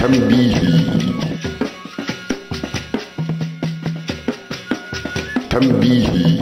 tambihi tambihi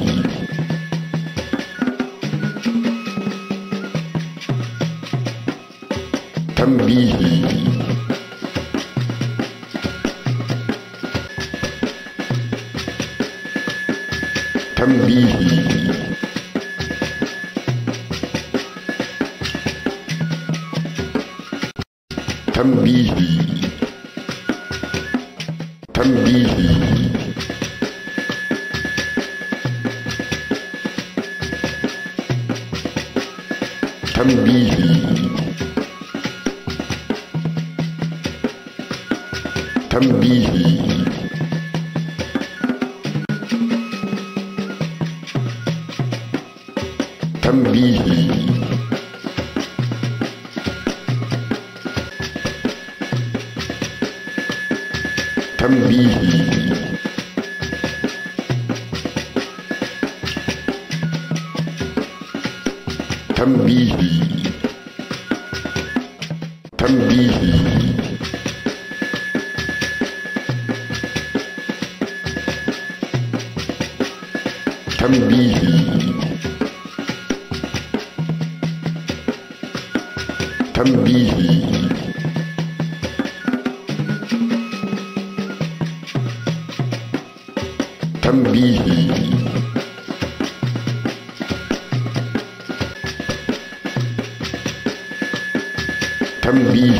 tambihi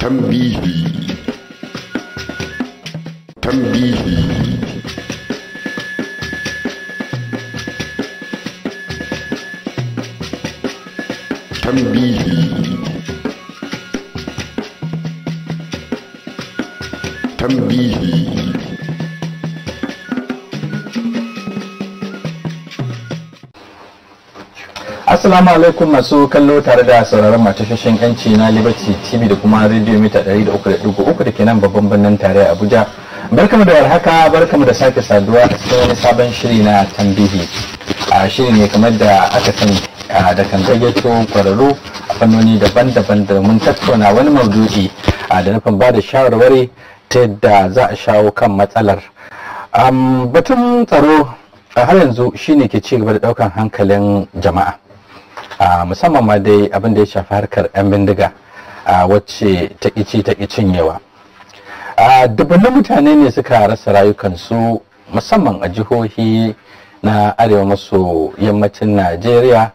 tambihi tambihi Assalamu alaikum masu kallo tare da sauraron shashin yanci na Liberty TV da kuma Radio Mita 300.3 da ke nan babban birnin tare Abuja. Barkamu da warhaka, barkamu da sake saduwa a cikin wani sabon shiri na tambihi. A shiri ne kamar da aka sani da kan gayyato kwararru a fannoni daban-daban da mun tattauna wani maududi, da nufin ba da shawarwari ta yadda za a shawo kan matsalar. Batun tsaro a har yanzu shine ke ci gaba da daukan hankalin jama'a. musamman ma dai abin da ya shafi harkar 'yan bindiga A wacce ta ƙici ta cinyewa dubbanin mutane ne suka rasa rayukansu musamman a jihohi na arewa maso yammacin najeriya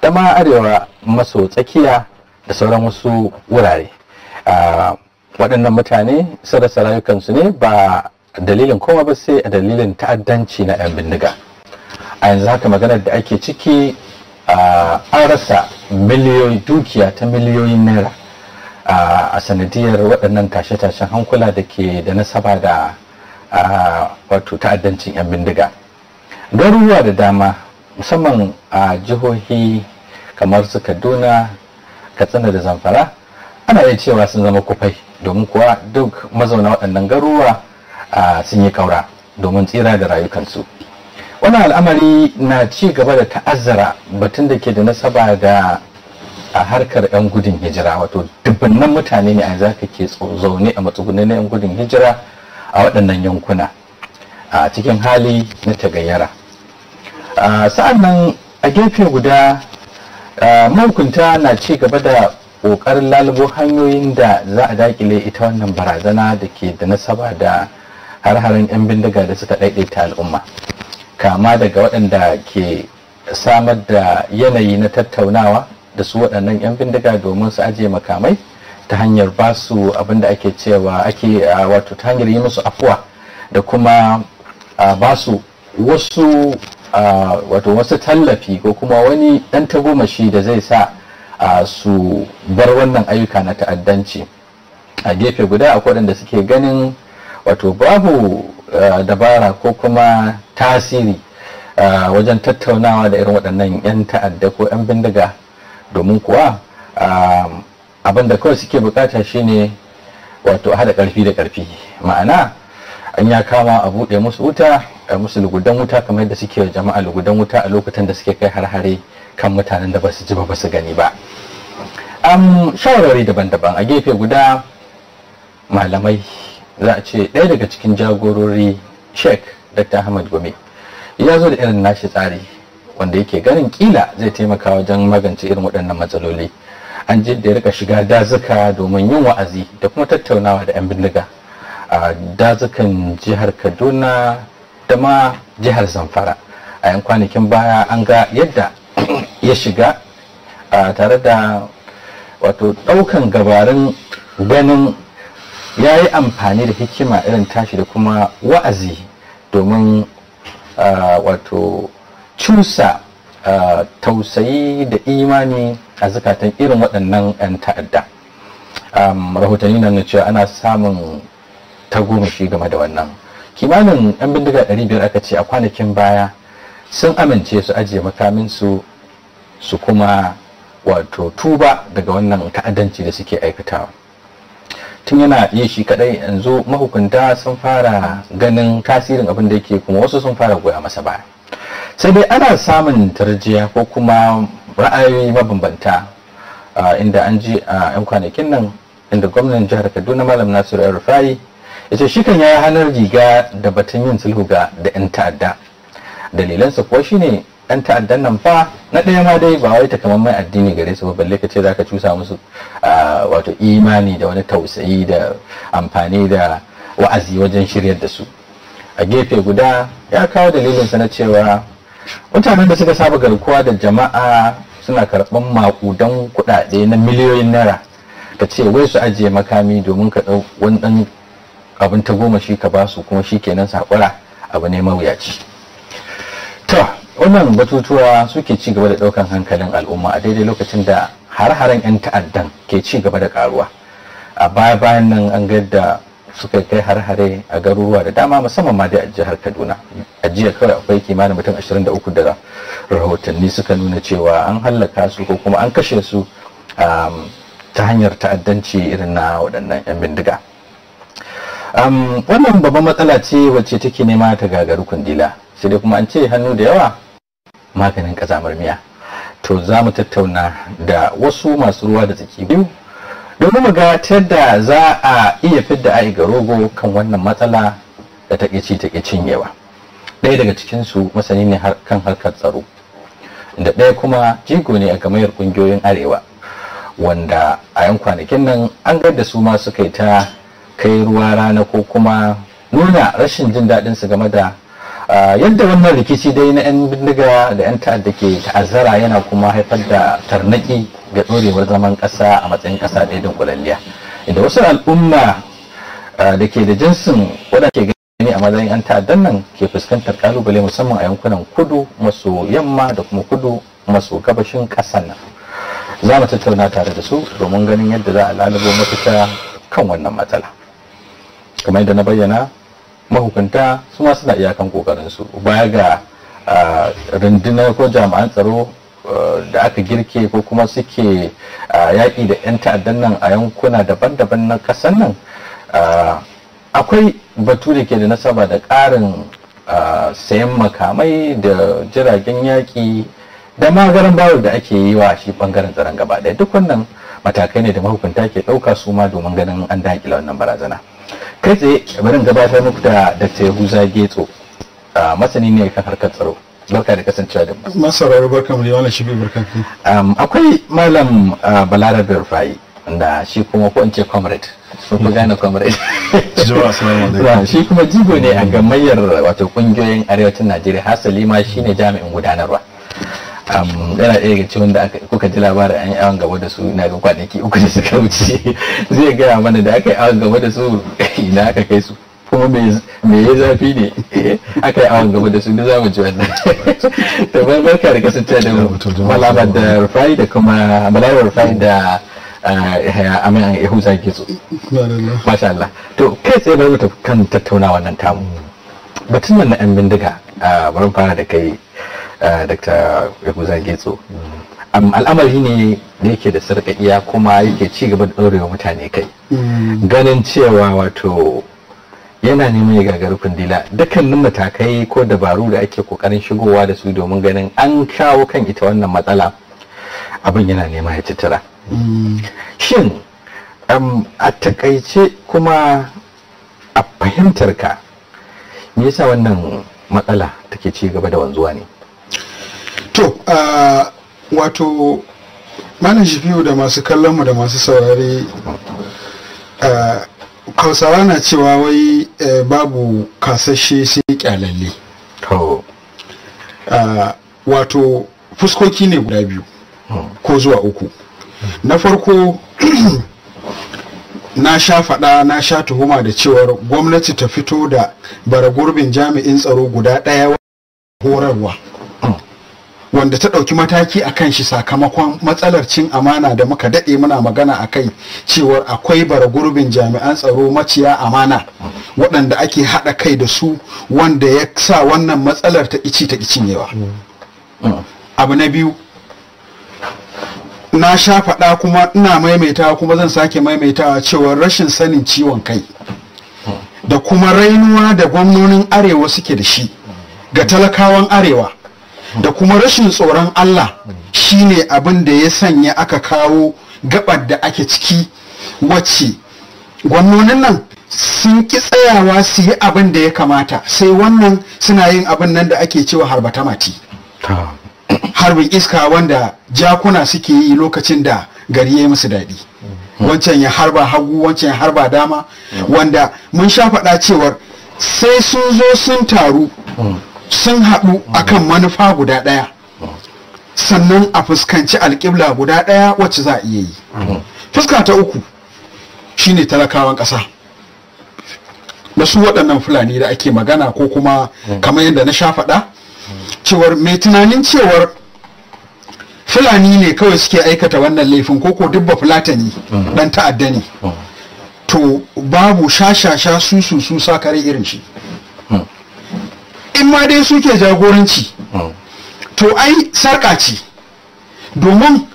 da ma arewa maso tsakiya da sauran wasu wurare waɗannan mutane su rasa rayukansu ne ba dalilin kowa ba sai a dalilin ta'addanci na 'yan bindiga a yanzu haka maganar da ake ciki an rasa miliyoyi dukiya ta miliyoyin naira a sanadiyar waɗannan tashe-tashen hankula da ke da nasaba da wato ta'addancin 'yan bindiga garuruwa da dama musamman a jihohi kamar su kaduna katsina da zamfara ana iya cewa sun zama kufai domin kuwa duk mazauna waɗannan garuruwa sun yi kaura domin tsira da rayukansu wannan al'amari na ci gaba da ta'azzara batun da ke da nasaba da a harkar 'yan gudun hijira wato dubbannan mutane ne a zaka ke zaune a na 'yan gudun hijira a waɗannan yankuna a cikin hali na tagayyara sa'an nan a gefe guda mahukunta na ci gaba da ƙoƙarin lalubo hanyoyin da za a daƙile ita wannan barazana da ke da nasaba da har-haren 'yan bindiga da suka ɗaiɗaita al'umma kama daga waɗanda ke samar da yanayi na tattaunawa da su waɗannan 'yan bindiga domin su ajiye makamai ta hanyar ba su abin da ake cewa ake wato ta hanyar yi musu afuwa da kuma ba su wasu wato wasu tallafi ko kuma wani ɗan tagomashi da zai sa su bar wannan ayyuka na ta'addanci a gefe guda akwai waɗanda suke ganin wato babu dabara ko kuma tasiri uh, wajen tattaunawa da irin waɗannan 'yan ta'adda ko 'yan bindiga domin kuwa um, abin da kawai suke bukata shine wato hada ƙarfi da ƙarfi ma'ana an ya kama a buɗe musu wuta a musu lugudan wuta kamar yadda suke jama'a lugudan wuta a lokutan da suke kai har-hare kan mutanen da ba su ji ba su gani ba An shawarwari daban-daban a gefe guda malamai za a ce ɗaya daga cikin jagorori sheikh Dr. Ahmad Gome ya zo da irin nashi tsari wanda yake ganin kila zai taimaka wajen magance irin waɗannan matsaloli an ji da ya rika shiga dazuka domin yin wa'azi da kuma tattaunawa da 'yan bindiga a dazukan jihar Kaduna da ma jihar Zamfara a yan kwanakin baya an ga yadda ya shiga a tare da wato ɗaukan gabarin ganin ya yi amfani da hikima irin tashi da kuma wa'azi domin wato cusa tausayi da imani a zukatan irin waɗannan 'yan ta'adda rahotanni na cewa ana samun tagomashi game da wannan kimanin 'yan bindiga 500 aka ce a kwanakin baya sun amince su ajiye makaminsu su kuma wato tuba daga wannan ta'addanci da suke aikatawa tun yana yi shi kadai yanzu mahukunta sun fara ganin tasirin abin da yake kuma wasu sun fara goya masa baya sai dai ana samun tarjiya ko kuma ra'ayoyi mabambanta inda an ji a 'yan kwanakin nan inda gwamnan jihar kaduna malam nasiru ya rufayi ya ce shi kan ya yi hanar riga da batun yin sulhu ga da 'yan ta'adda dalilansa kuwa shine 'yan ta'addan nan fa, na ɗaya ma dai ba wai takamaiman addini gare su ba balle ka ce zaka cusa musu wato imani da wani tausayi da amfani da wa'azi wajen shiryar da su a gefe guda ya kawo dalilinsa na cewa mutanen da suka saba garkuwa da jama'a suna karɓar makudan kuɗaɗe na miliyoyin naira ka ce wai su ajiye makami domin ka ɗau wani ɗan abin ta goma shi ka basu kuma shi kenan sakura abu ne mawuyaci to wannan batutuwa suke ci gaba da daukan hankalin al'umma a daidai lokacin da har-haren 'yan ta'addan ke ci gaba da karuwa a baya bayan nan an ga da suka kai har-hare a garuruwa da dama musamman ma dai a jihar kaduna a jiya kawai akwai kimanin mutum 23 da rahotanni suka nuna cewa an hallaka su ko kuma an kashe su um, ta hanyar ta'addanci irin na waɗannan 'yan bindiga um, wannan babban matsala ce wacce take nema ta gagaru kundila sai dai kuma an ce hannu da yawa maganin kazamar miya to za mu tattauna da wasu masu ruwa da tsaki biyu domin mu ga da za a iya fidda ai ga rogo kan wannan matsala da ta ci ta cinyewa ɗaya daga cikin su masani ne kan harkar tsaro da ɗaya kuma jigo ne a gamayar kungiyoyin arewa wanda a yan kwanakin nan an da su ma suka ta kai ruwa rana ko kuma nuna rashin jin su game da Ah, yadda wannan rikici dai na 'yan bindiga da 'yan ta'adda ke ta'azzara yana kuma haifar da tarnaki ga ɗorewar zaman ƙasa a matsayin ƙasa ɗaya da kulalliya inda wasu al'umma ah, da ke da jinsin wadda ke gani a matsayin 'yan ta'addan nan ke fuskantar kalubale musamman a yankunan kudu maso yamma da kuma kudu maso gabashin ƙasar nan za mu tattauna tare da su domin ganin yadda za a lalubo mafita kan wannan matsala kamar yadda na bayyana mahukunta su ma suna iyakan kokarinsu baya ga rundunar ko jami'an tsaro da aka girke ko kuma suke yaƙi da 'yan ta'addan nan a yankuna daban-daban na ƙasar nan akwai batu da ke da nasaba da ƙarin sayan makamai da jiragen yaƙi da magaran bawar da ake yi wa shi bangaren tsaron gaba ɗaya duk wannan matakai ne da mahukunta ke ɗauka su ma domin ganin an daƙila wannan barazana. kai tsaye bari gabatar muku da dr yahuza getso masani ne kan harkar tsaro barka da kasancewa da mu masarar barka mu da wannan shibi barka akwai malam balarabe rufai da shi kuma ko in ce comrade sun fi gane comrade shi kuma jigo ne a gamayyar wato kungiyoyin arewacin najeriya hasali ma shine jami'in gudanarwa yana ɗaya daga cikin wanda kuka ji labarin an yi awon gaba da su na ga kwanaki uku da suka wuce zai gaya mana da aka yi awon gaba da su ina aka kai su kuma me ya zafi ne aka yi awon gaba da su da za mu ji wannan to bai barka da kasance da malabar da rufai da kuma malabar rufai da ah, eh, amin yahuza ke su masha Allah to kai sai bai mutu kan tattauna wannan tamu batun wannan na yan bindiga ah, bari fara da kai Eh, dr yakuza getso al'amari ne da yake da sarƙaƙiya kuma yake ci gaba da ɗorewa mutane kai mm. ganin cewa wato yana neman ya gagari kundila dukkanin matakai ko dabaru da ake kokarin shigowa da su domin ganin an kawo kan ita wannan matsala abin yana nema ya cittara. Mm. shin a takaice kuma a fahimtar ka me yasa wannan matsala take ci gaba da wanzuwa ne to wato malam shafiu da masu kallonmu da masu saurari, hausawa na cewa wai e, babu kasashe sai kyalalle wato fuskoki ne guda biyu ko zuwa uku na farko na sha faɗa na sha tuhuma da cewar gwamnati ta fito da bara gurbin jami'in tsaro guda ɗaya horarwa wanda ta ɗauki mataki a kan shi sakamakon matsalar cin amana da muka daɗe muna magana a kai cewar akwai bara gurbin jami'an tsaro maciya amana waɗanda ake haɗa kai da su wanda ya sa wannan matsalar ta ici ta ici cinyewa abu na biyu na sha faɗa kuma ina maimaitawa kuma zan sake maimaitawa cewar rashin sanin ciwon kai da kuma rainuwa da gwamnonin arewa suke da shi ga talakawan arewa da kuma rashin tsoron Allah shine abin da ya sanya aka kawo gabar da ake ciki wacce gwanonin nan sun ki tsayawa su yi abin da ya kamata sai wannan suna yin abin nan da ake cewa harba ta mati harbin iska wanda jakuna suke yi lokacin da gari ya yi musu daɗi wancan ya harba hagu wancan ya harba dama wanda mun sha faɗa cewar sai sun zo sun taru mm. sun haɗu akan manufa guda ɗaya sannan a fuskanci alƙibla guda ɗaya wacce za a iya yi fuska ta uku shine talakawan ƙasa da su waɗannan fulani da ake magana ko kuma kamar yadda na sha faɗa cewar mai tunanin cewar fulani ne kawai suke aikata wannan laifin ko ko dubba ne ɗan ta'adda ne to babu shashasha su su su kare irin shi in ma dai suke jagoranci hmm. to ai sarƙa ce domin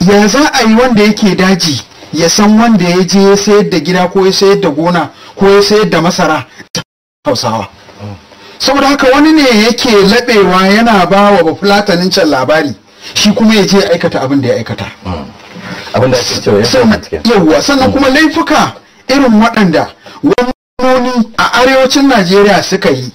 ya za a yi wanda yake daji ya san wanda ya je ya sayar da gida ko ya sayar da gona ko ya sayar da masara ta hausawa hmm. saboda haka wani ne yake laɓewa yana ba wa bafulatanin can labari shi kuma ya je ya aikata abin da ya aikata hmm. abin da ake cewa sannan kuma laifuka irin waɗanda wani a arewacin najeriya suka yi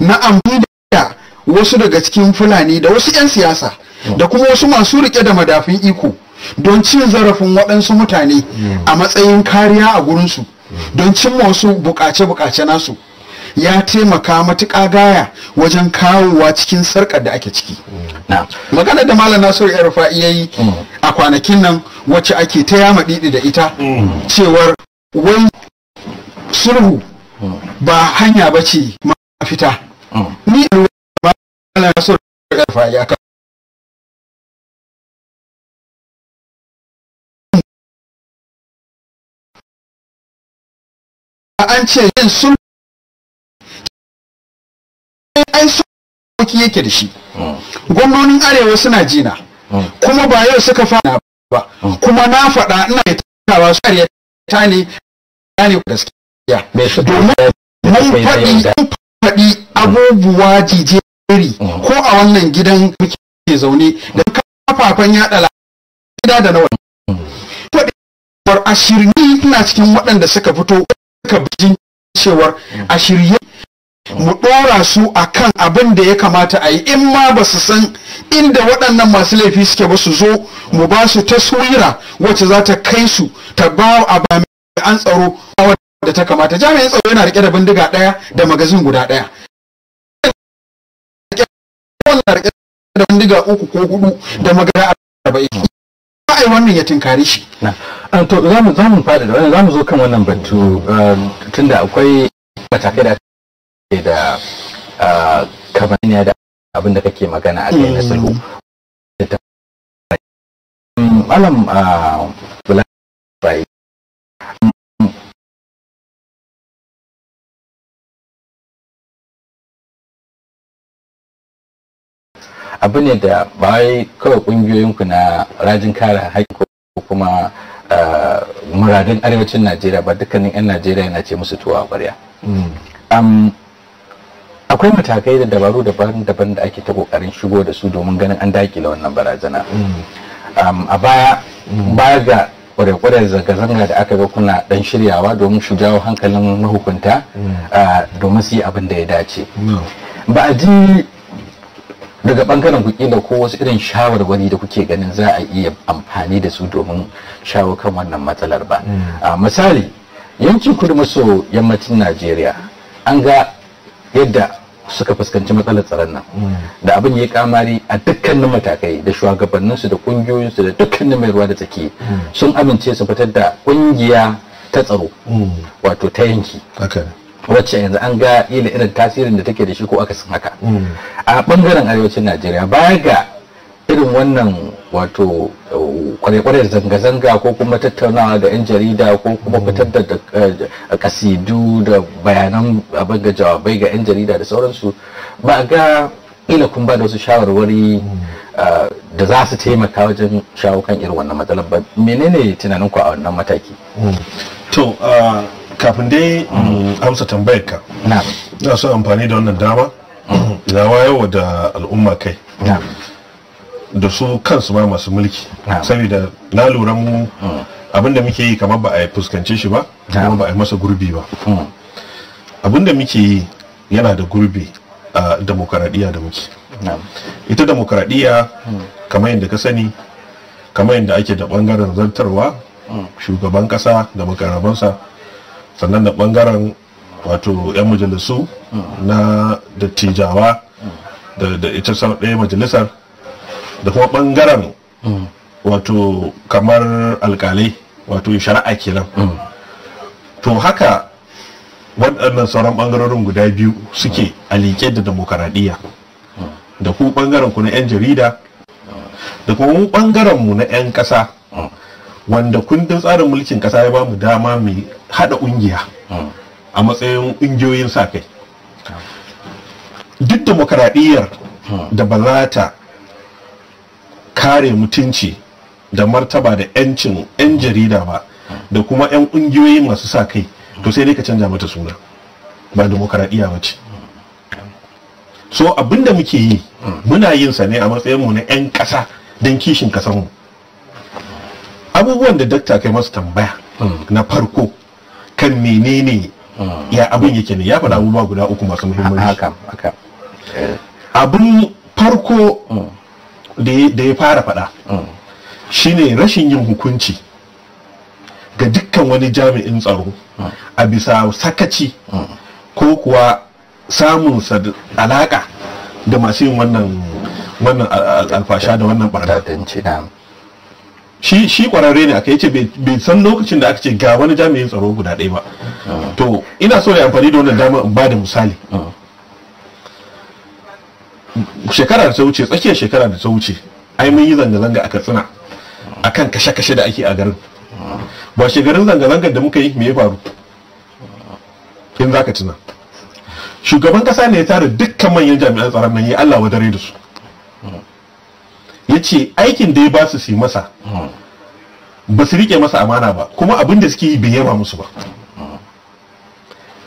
na amfani da wasu daga cikin fulani da wasu 'yan siyasa da kuma wasu masu rike da madafin iko don cin zarafin waɗansu mutane a matsayin kariya a gurinsu don cimma wasu bukace-bukace nasu ya taimaka matuƙa gaya wajen kawowa cikin sarƙar da ake ciki magana da malam nasiru ya rufa iya yi a kwanakin nan wacce ake ta yama ɗiɗi da ita cewar wai sulhu ba hanya ba ce fita mm. ni ba na so da karfa ya ka an ce yin sun ai soki yake da shi mm. gwamnonin arewa suna jina mm. kuma ba yau suka fara ba kuma na faɗa ina tattawa su ta ta ne gaskiya domin mun faɗi faɗi abubuwa jijeri mm. ko a wannan gidan muke zaune da mm. kafafen yaɗa gida da na wani mm. faɗiwar a ina cikin waɗanda suka fito suka bijin cewar a shirye mu ɗora su a kan abin da ya kamata a yi in ma ba su san inda waɗannan masu laifi suke ba su zo mu ba su taswira wacce za ta kai su ta ba a an tsaro da ta kamata jami'in tsaro yana rike da bindiga daya da magazin guda daya wannan rike da bindiga uku ko hudu da magana arba'in ai wannan ya tinkare shi na ah, to za mu za mu fada da wannan za mu zo kan wannan batu ah, tunda akwai matakai da da ah, kamaniya da abin da kake magana a kai na sulhu mm. malam a abu ne da ba wai kawai kungiyoyinku na rajin kare haƙƙi ko kuma eh, muradun arewacin najeriya ba dukkanin 'yan najeriya yana ce musu tuwa ƙwarya mm. akwai matakai da dabaru daban-daban da ake ta kokarin shigo da su domin ganin an dakile wannan barazana mm. a baya mm. baya ga kwarekwarar zanga-zanga da aka ga kuna ɗan shiryawa domin su jawo hankalin mahukunta eh, domin su yi abin da ya dace ba a ji daga bangaren ku kila ko wasu irin shawarwari da kuke ganin za a iya amfani da su domin shawo kan wannan matsalar ba hmm. a ah, misali yankin kudu yammacin najeriya an ga yadda suka fuskanci matsalar tsaron nan hmm. da abin ya kamari a dukkanin matakai da shugabanninsu da kungiyoyinsu da dukkanin mai ruwa da tsaki hmm. sun amince su fitar da kungiya ta tsaro wato ta yanki wacce yanzu an ga ila irin tasirin da take da shi ko akasin haka mm. a bangaren arewacin najeriya baya ga irin wannan wato uh, kwarekwarar zanga-zanga ko kuma tattaunawa da 'yan jarida ko kuma mm. fitar da uh, kasidu da bayanan abin ga jawabai ga 'yan jarida da sauransu ba ga ila kun ba da wasu shawarwari mm. uh, da za su taimaka wajen shawo kan irin wannan matsalar ba menene tunanin ku a wannan mataki to kafin dai amsa tambayar ka na so amfani da wannan dama na wayo da al'umma kai da su kansu ma masu mulki saboda na lura mu hmm. abinda muke yi kamar ba a fuskance shi ba kuma ba a masa gurbi ba hmm. abinda muke yi yana da gurbi a demokaradiyya da muke ita demokaradiyya hmm. kamar yadda ka sani kamar yadda ake da bangaren zartarwa shugaban kasa da makarabansa sannan da bangaren wato 'yan majalisu na dattijawa da ita ɗaya majalisar da kuma bangaren wato kamar alkalai wato shari'a kenan to haka waɗannan sauran ɓangarorin guda biyu suke a liƙe da demokaradiyya da ku bangaren ku na 'yan jarida da kuma mu ɓangaren mu na 'yan ƙasa wanda kundin tsarin mulkin kasa ya bamu dama mu hada kungiya a matsayin kungiyoyin sa kai duk demokaradiyyar da ba za ta kare mutunci da martaba da 'yancin 'yan jarida ba da kuma 'yan kungiyoyi masu sa kai to sai dai ka canja mata suna ba demokaradiyya ba ce so abinda muke yi muna yin sa ne a matsayin mu na 'yan ƙasa don kishin mu. abubuwan da dakta kai masu tambaya hmm. na farko kan menene hmm. ya abin yake ne ya faɗa abubuwa guda uku masu muhimmanci abin farko hmm. da ya fara faɗa shine rashin yin hukunci ga dukkan wani jami'in tsaro a bisa sakaci ko kuwa samun alaka da masu yin wannan alfasha da wannan barna shi shi kwararre ne aka yace bai san lokacin da aka ce ga wani jami'in tsaro guda ɗaya ba ah. to ina so ya amfani da wannan dama in bada misali ah. shekara da ta wuce tsakiyar shekara da ta wuce ai mun yi zanga-zanga a katsina akan kashe-kashe da ake a garin ah. ba shekarun zanga-zangar da muka yi me ya faru in za ka tuna shugaban kasa ne ya tara dukkan manyan jami'an tsaron nan ya Allah wa dare da su Yace aikin da ya ba su su masa ba su rike masa amana ba kuma abin da suke yi bai yaba musu ba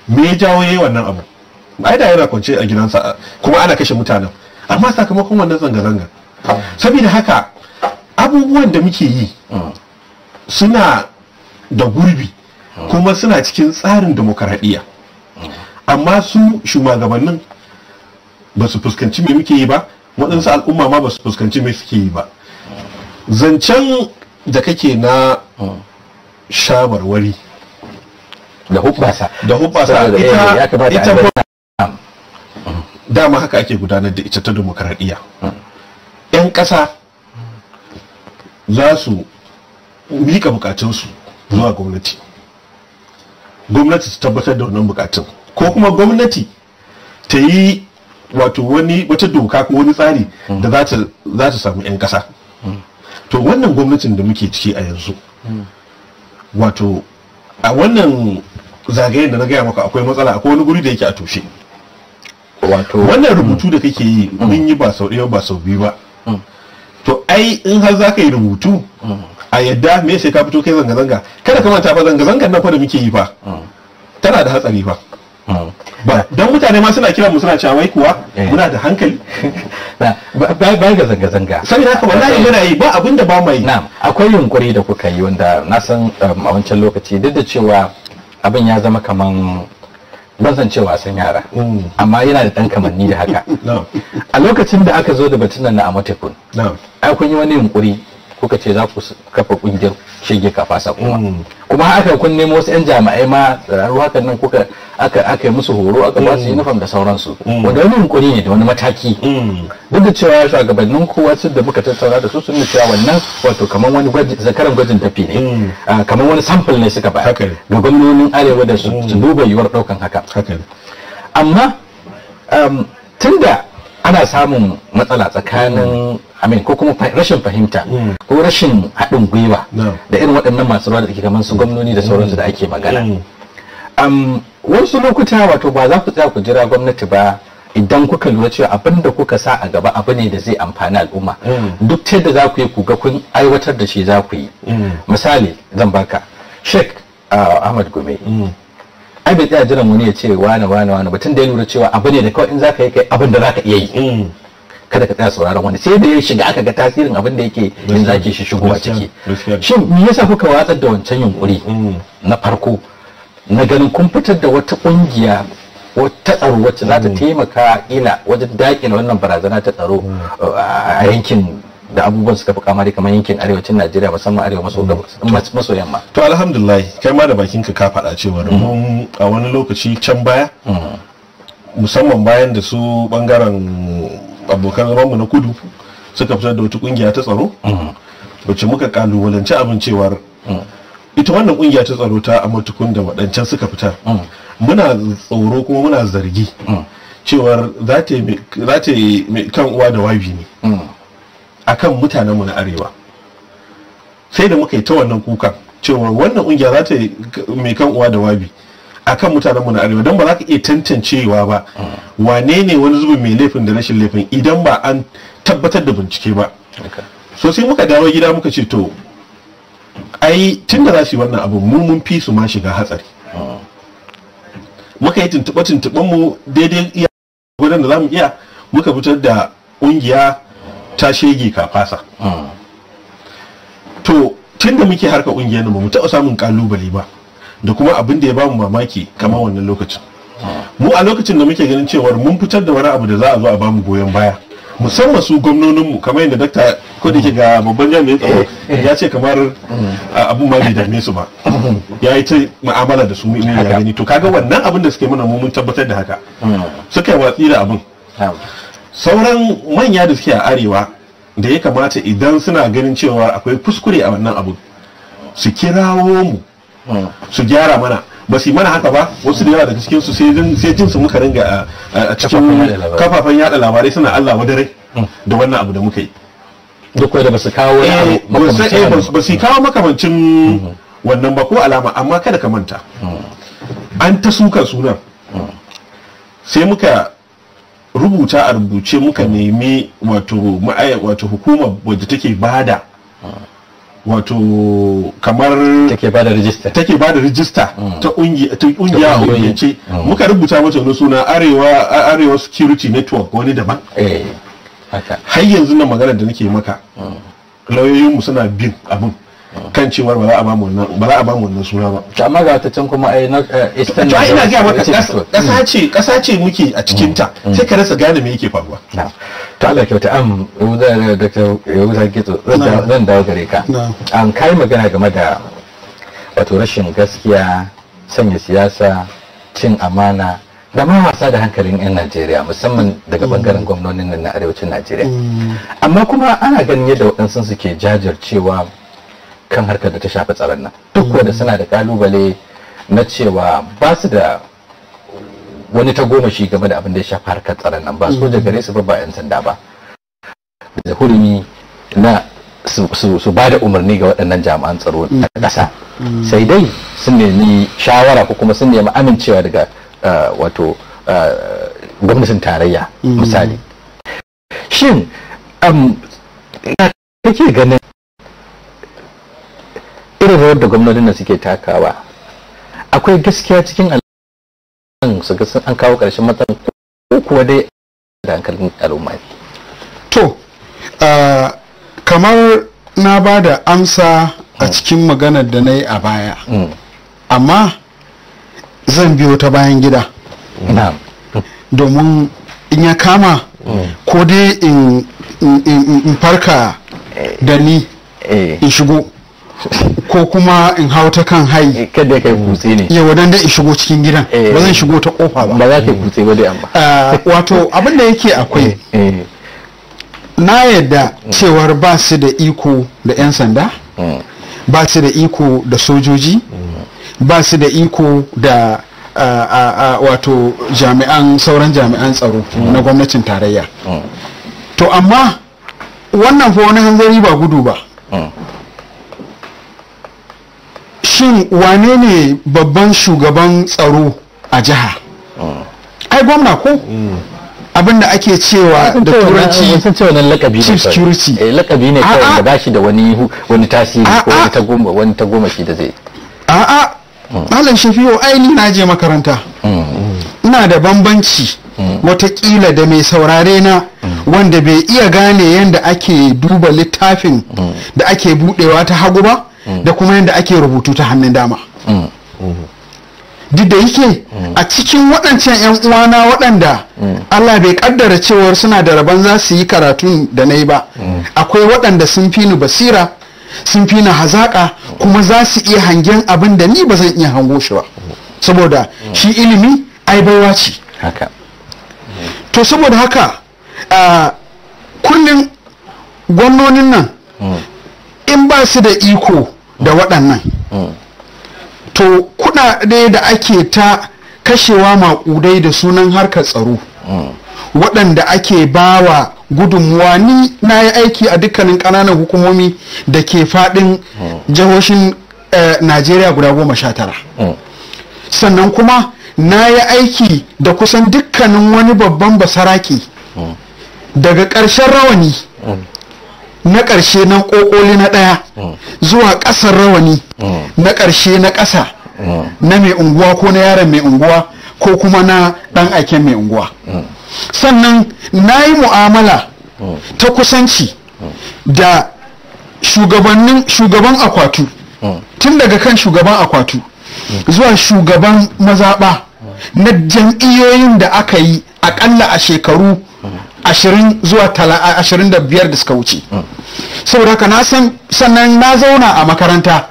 me ya jawo yayi wannan abu ai da yana kwance a gidansa kuma ana kashe mutanen amma sakamakon wannan zanga-zanga saboda haka abubuwan da muke yi suna da gurbi kuma suna cikin tsarin demokaradiyya amma su shugabannin ba su fuskanci me muke yi ba waɗansu al'umma ma ba su fuskanci mai suke yi ba zancen da kake na shawarwari da hubbasa da hubbasa ita eh, dama haka ake gudanar da ita ta demokaradiyya yan ƙasa za su mika bukatunsu zuwa gwamnati gwamnati su tabbatar da wannan bukatun ko kuma gwamnati ta yi wato wani wata doka ko wani tsari da mm. za ta samu 'yan kasa mm. to wannan gwamnatin da muke ciki a yanzu mm. wato a wannan zagayen da na gaya maka akwai matsala akwai wani guri da yake a toshe wato wannan rubutu da kake yi mun yi ba sau ɗaya ba sau biyu ba to ai in har za ka yi rubutu a yadda me sai ka fito kai zanga-zanga kada ka manta fa zanga-zangan nan fa da muke yi ba. tana da hatsari fa don mutane ma suna kiran mu suna cewa kuwa eh. muna da hankali Ba bayan ga zanga-zanga sai haka wallahi muna yi ba abin da ba mu yi akwai yunkuri da kuka yi wanda na san um, a wancan lokaci duk da cewa abin ya zama kaman ban cewa san yara mm. amma yana da ɗan kamanni da haka a lokacin da aka zo da batunan nan na amatekun ai kun yi wani yunkuri kuka ce za ku kafa kungiyar shege kafasa kuma mm. kuma haka kun nemo wasu yan jami'ai ma tsararru hakan nan kuka aka aka yi musu horo aka ba su mm. uniform da sauransu mm. wanda wani yunkuri ne da wani mataki duk da cewa shugabannin kowa su da muka tattauna da su sun nuna cewa wannan wato kamar wani gwaji zakaran gwajin tafi ne ah, kamar wani sample ne suka bayar ga gwamnonin arewa da su duba yiwuwar daukan haka amma um, tunda ana samun matsala tsakanin amin ko kuma rashin fahimta ko rashin haɗin gwiwa da irin waɗannan masu ruwa da ke kamar su gwamnoni da sauransu da ake magana mm. wasu lokuta wato ba za ku tsaya ku jira gwamnati ba idan kuka lura cewa abin da kuka sa a gaba abu ne da zai amfani al'umma mm. duk yadda za ku yi ku ga kun aiwatar da shi za ku yi mm. misali zan baka sheikh ah, ahmad gume ai bai tsaya jiran wani ya ce wane wane wane batun da ya lura cewa abu ne da kawai in zaka yi kai abin da zaka iya yi mm. kada ka tsaya sauraron wani sai da ya shiga aka ga tasirin abin da yake in zaki shi shigowa ciki shin me yasa kuka watsar da wancan yunkuri mm. na farko na ganin kun fitar da wata kungiya ta tsaro wacce za ta mm. taimaka ila wajen daƙin wannan barazana ta tsaro a yankin da abubuwan suka fi kamari kamar yankin arewacin Najeriya musamman arewa maso gabas mm. maso yamma to alhamdulillah kai ma da bakin ka faɗa cewa mun a wani lokaci can baya mm. musamman bayan da su bangaren abokan ruwanmu na kudu suka fitar da wata kungiya ta tsaro mm. wacce muka kalubalanci abin cewar ita wannan kungiya ta tsaro ta amurtukun da waɗancan suka fitar muna tsoro kuma muna zargi cewar za ta yi kan uwa da wabi ne akan mutanenmu na arewa sai da muka yi ta wannan kukan cewa wannan ungiya za ta mai kan uwa da wabi akan mutanenmu na arewa don ba za ka iya tantancewa ba mm. wane ne wani zubin mai laifin da rashin laifin idan ba an tabbatar da bincike ba so sai muka dawo gida muka ce to ai tun da za su yi wannan abu mu mun fi su ma shiga hatsari mm. muka yi tuntuɓe tuntuɓen mu daidai iya gudun da za mu iya muka fitar da ƙungiya ta shege kafasa. fasa to tun da muke harka ƙungiyar mu taɓa samun ƙalubale ba da kuma abin da ya mu mamaki kamar wannan lokacin mu a lokacin da muke ganin cewar mun fitar da wani abu da za a zo a bamu goyon baya musamman su gwamnoninmu kamar yadda dakta ko da ke ga babban jami'in tsaro ya ce kamar abun ma bai dame su ba ya yi ta ma'amala da su mu ya gani to kaga wannan abin da suke mana mu mun tabbatar da haka suka yi watsi da abin sauran manya da suke a arewa da ya kamata idan suna ganin cewa akwai kuskure a wannan abu su kirawo mu hmm. su gyara mana ba su yi mana haka ba wasu da yawa daga cikin su sai jin su muka ringa a cikin kafafen yada labarai suna Allah wadare hmm. da wannan abu da muka yi duk da ba su kawo eh, eh, ba su kawo makamancin hmm. wannan ba ko alama amma kada ka manta an ta sukan sunan sai muka rubuta a rubuce muka nemi wato hukuma wato hukumar wadda take bada wato kamar take bada rijista take bada rijista mm. ta kungiya a ungiyance mm. muka rubuta mata wani suna arewa arewa security network wani daban eh, har yanzu na magana da nake maka mm. lauyoyinmu suna bin abin kan cewar ba za a bamu wannan ba za a bamu wannan suna ba to amma ga can kuma ai na eh, eastern to ina ga maka kasa ce kasa ce muke a cikin ta mm, mm. sai ka rasa gane me yake faruwa to Allah kyauta am da Dr. Yahuza kito nan dawo gare ka an kai magana game da wato rashin gaskiya sanya siyasa cin amana da ma wasa da hankalin 'yan najeriya musamman daga bangaren mm. gwamnonin nan na arewacin najeriya amma kuma ana ganin yadda waɗansu suke jajircewa kan harkar da ta shafi tsaron nan duk wanda suna da kalubale na cewa ba su da wani ta goma shi game da abin da ya shafi harkar tsaron nan ba soja gare su ba 'yan sanda ba da hurumi na su ba da umarni ga waɗannan jami'an tsaro na ƙasa sai dai sun nemi shawara ko kuma sun nemi amincewa daga eh, wato eh, gwamnatin tarayya misali shin kake ganin irin rawar da gwamnatin da suke takawa akwai gaskiya cikin al'adun su ga an kawo ƙarshen matsalan ko kuwa dai da hankalin al'umma to kamar na ba da amsa a mm. cikin maganar da na yi a baya mm. amma zan biyo ta bayan gida domin in ya kama mm. ko dai in farka eh. da ni eh. in shigo ko kuma in hau ta kan hayi eh, kada kai kutse ne yawa da in shigo cikin gidan eh. ba zan shigo ta kofa ba ba za ka kutse ba dai amma eh, wato abin da yake akwai na yadda cewar ba su da iko da 'yan sanda hmm. ba su da iko da sojoji hmm. ba su da iko da wato jami'an sauran jami'an tsaro na hmm. gwamnatin tarayya to amma wannan fa wani hanzari ba gudu ba shin wane ne babban shugaban tsaro a jiha ah. ai gwamna ko hmm. abinda ake cewa da turanci chief security eh, lakabi ne kawai da bashi da wani wani tasiri ko wani tagoma wani tagoma shi da zai a'a hmm. malam shafiyo ai ni na je makaranta hmm. ina da bambanci watakila da mai saurare na wanda bai iya gane yadda ake duba littafin da ake budewa ta hagu ba Mm. da kuma yadda ake rubutu ta hannun dama mm. Mm. duk da yake a cikin waɗancan 'yan uwana waɗanda Allah bai kaddara cewar suna da rabon za su yi karatu da na yi ba akwai waɗanda sun fi ni basira sun fi ni hazaƙa kuma za su iya hangen abin da ni ba zan iya hango shi ba saboda shi ilimi ai baiwa ce to saboda haka kullum gwamnonin nan in ba su da iko da waɗannan to kuɗaɗe da ake ta kashewa maƙudai da sunan harkar tsaro waɗanda ake bawa gudunmuwa ni na yi aiki a dukkanin ƙananan hukumomi da ke faɗin jihohin eh, najeriya guda goma sha tara sannan kuma na yi aiki da kusan dukkanin wani babban basaraki daga ƙarshen rawani na ƙarshe na ƙoƙoli na ɗaya mm. zuwa ƙasar rawani mm. na ƙarshe na ƙasa mm. na mai unguwa ko na yaron mai unguwa ko kuma na ɗan ake mai unguwa sannan na yi mu'amala ta kusanci da shugabannin shugaban akwatu tun daga kan shugaban akwatu zuwa shugaban mazaɓa na jam'iyyoyin da aka yi aƙalla a shekaru ashirin zuwa ashirin da biyar da suka wuce saboda haka na san sannan na zauna a makaranta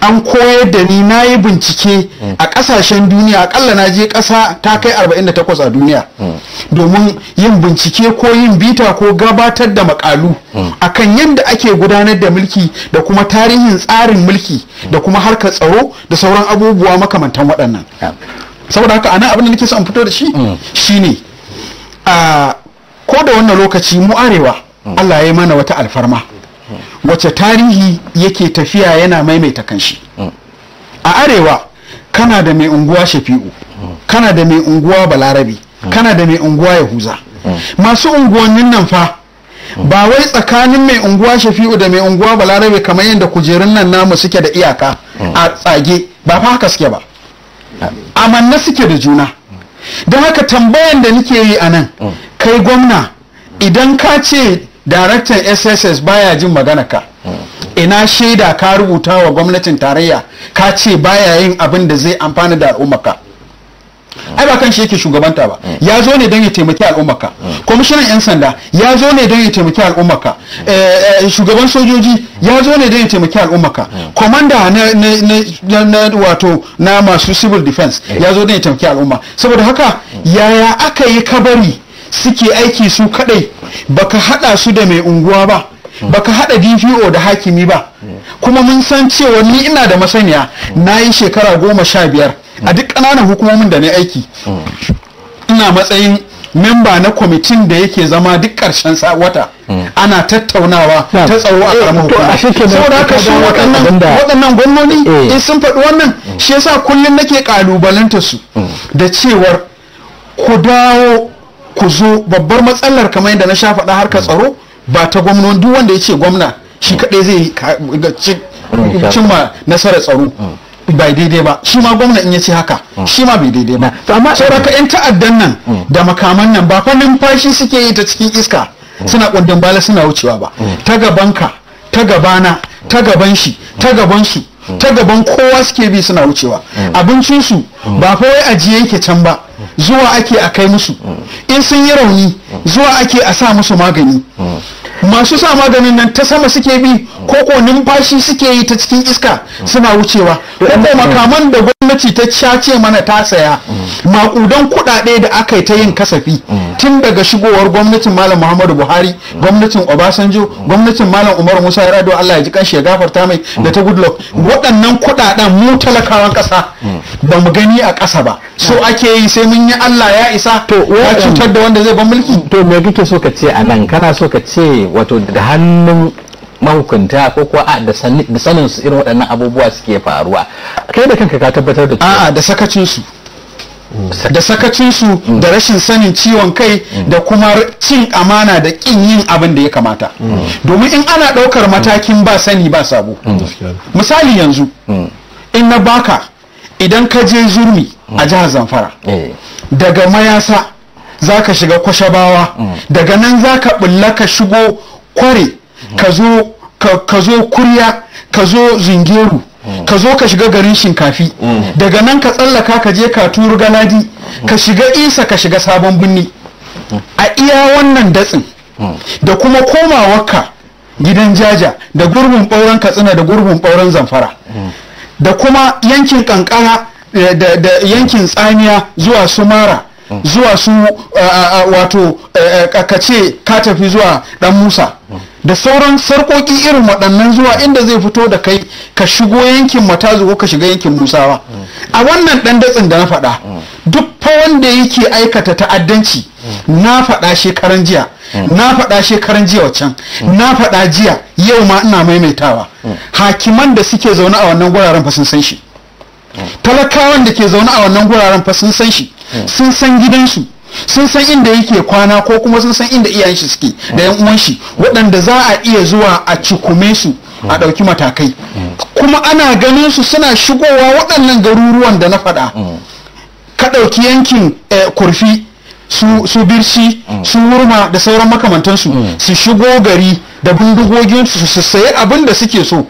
an koyar da ni na yi bincike a kasashen duniya akalla na je kasa ta kai 48 a duniya domin yin bincike ko yin bita ko gabatar da makalu akan yadda ake gudanar da mulki da kuma tarihin tsarin mulki da kuma harkar tsaro da sauran abubuwa makamantan waɗannan saboda haka nan abin da nake so in fito da shi mm. shine a ko da wannan lokaci mu arewa Allah ya yi mana wata alfarma wacce tarihi yake tafiya yana maimaita kanshi a arewa kana da mai unguwa shafi'u kana da mai unguwa balarabi kana da mai unguwa yahuza masu unguwannin nan fa ba wai tsakanin mai unguwa shafi'u da mai unguwa balarabe kamar yadda kujerun nan namu suke da iyaka a tsage ba fa haka suke ba amanna suke da juna don haka tambayan da nike yi a nan kai gwamna idan ka ce daraktan sss baya jin magana ka ina shaida ka rubuta wa gwamnatin tarayya ka ce baya yin abin da zai amfana da al'ummaka ai ba kan shi yake shugabanta ba ya zo ne don ya taimaki al'ummaka kwamishinan 'yan sanda ya zo ne don ya taimaki al'ummaka eh, eh, shugaban sojoji ya zo ne don ya taimaki al'ummaka komanda na wato na masu civil defense ya zo don ya taimaki al'umma saboda haka yaya aka yi kabari suke aiki su kadai baka hada su da mai unguwa ba baka hada DPO da hakimi ba kuma mun san cewa ni ina da masaniya na yi shekara goma sha biyar a duk ƙananan hukumomin da na aiki ina matsayin memba na kwamitin da yake zama duk ƙarshen wata ana tattaunawa ta tsawo a ƙaramin eh, hukuma saboda haka shi waɗannan gwamnoni eh. in sun faɗi wannan shi yasa kullum nake ƙalubalanta su mm. da cewar ku dawo ku zo babbar matsalar kamar yadda na sha faɗa harkar tsaro ba ta gwamnon duk wanda ya ce gwamna shi kaɗai zai cimma nasarar tsaro ba daidai ba shi ma gwamna in ya ce haka shi ma bai daidai ba amma ka yan ta'addan nan da makaman nan ba fa numfashi suke yi ta cikin iska suna kundin bala suna wucewa ba ta gabanka ta gabana ta gaban shi ta gaban shi ta gaban kowa suke bi suna wucewa abincin su ba fa wai ajiye yake can ba zuwa ake a kai musu in sun yi rauni zuwa ake a sa musu magani masu sa maganin nan ta sama suke bi ko ko numfashi suke yi ta cikin iska suna wucewa ko makaman da gwamnati ta cace mana ta saya makudan kuɗaɗe da aka yi ta yin kasafi tun daga shigowar gwamnatin malam muhammadu buhari gwamnatin obasanjo gwamnatin malam umar musa ya allah ya ji kanshi ya gafarta mai da ta goodluck waɗannan kuɗaɗen mu talakawan ƙasa ba mu gani a ƙasa ba so ake yi sai mun yi allah ya isa to ya cutar da wanda zai ban mulki to me kake so ka ce a nan kana so ka ce wato da hannun mahukunta ko kuwa a da sanin su irin waɗannan abubuwa suke faruwa kai da kanka ka tabbatar da a'a da sakacin da sakacinsu mm. da rashin sanin ciwon kai mm. da kuma cin amana da ƙin yin abin da ya kamata mm. domin in ana ɗaukar matakin ba sani ba sabo misali yanzu in na baka idan ka je zurmi a jihar zamfara eh. daga mayasa za ka shiga kwashabawa daga nan za ka bulla ka shigo kware ka zo kurya ka zo zingeru ka zo ka shiga garin shinkafi daga nan ka tsallaka ka je ka turu ganadi ka shiga isa ka shiga sabon birni a iya wannan datsin da kuma komawarka gidan jaja da gurbin bauren katsina da gurbin bauren zamfara da kuma yankin kankara eh, da yankin tsamiya zuwa su mara zuwa su eh, eh, wato ka ce ka tafi zuwa dan musa da sauran sarkoki irin waɗannan zuwa inda zai fito da kai ka shigo yankin matazu ko ka shiga yankin musawa a wannan ɗan datsin da na faɗa duk fa wanda yake aikata ta'addanci na faɗa shekaran jiya na faɗa shekaran jiya wacan na faɗa jiya yau ma ina maimaitawa hakiman da suke zaune a wannan guraren fa sun san shi talakawan da ke zaune a wannan guraren fa sun san shi sun san gidansu sun san inda yake kwana ko kuma sun san inda iyayen shi suke da yan uwan shi waɗanda za a iya zuwa a cikume su a ɗauki matakai kuma ana ganin su suna shigowa waɗannan garuruwan da na faɗa ka ɗauki yankin eh, kurfi su birsi su wurma da sauran makamantansu su shigo gari da bindigoginsu su sayi abin da suke so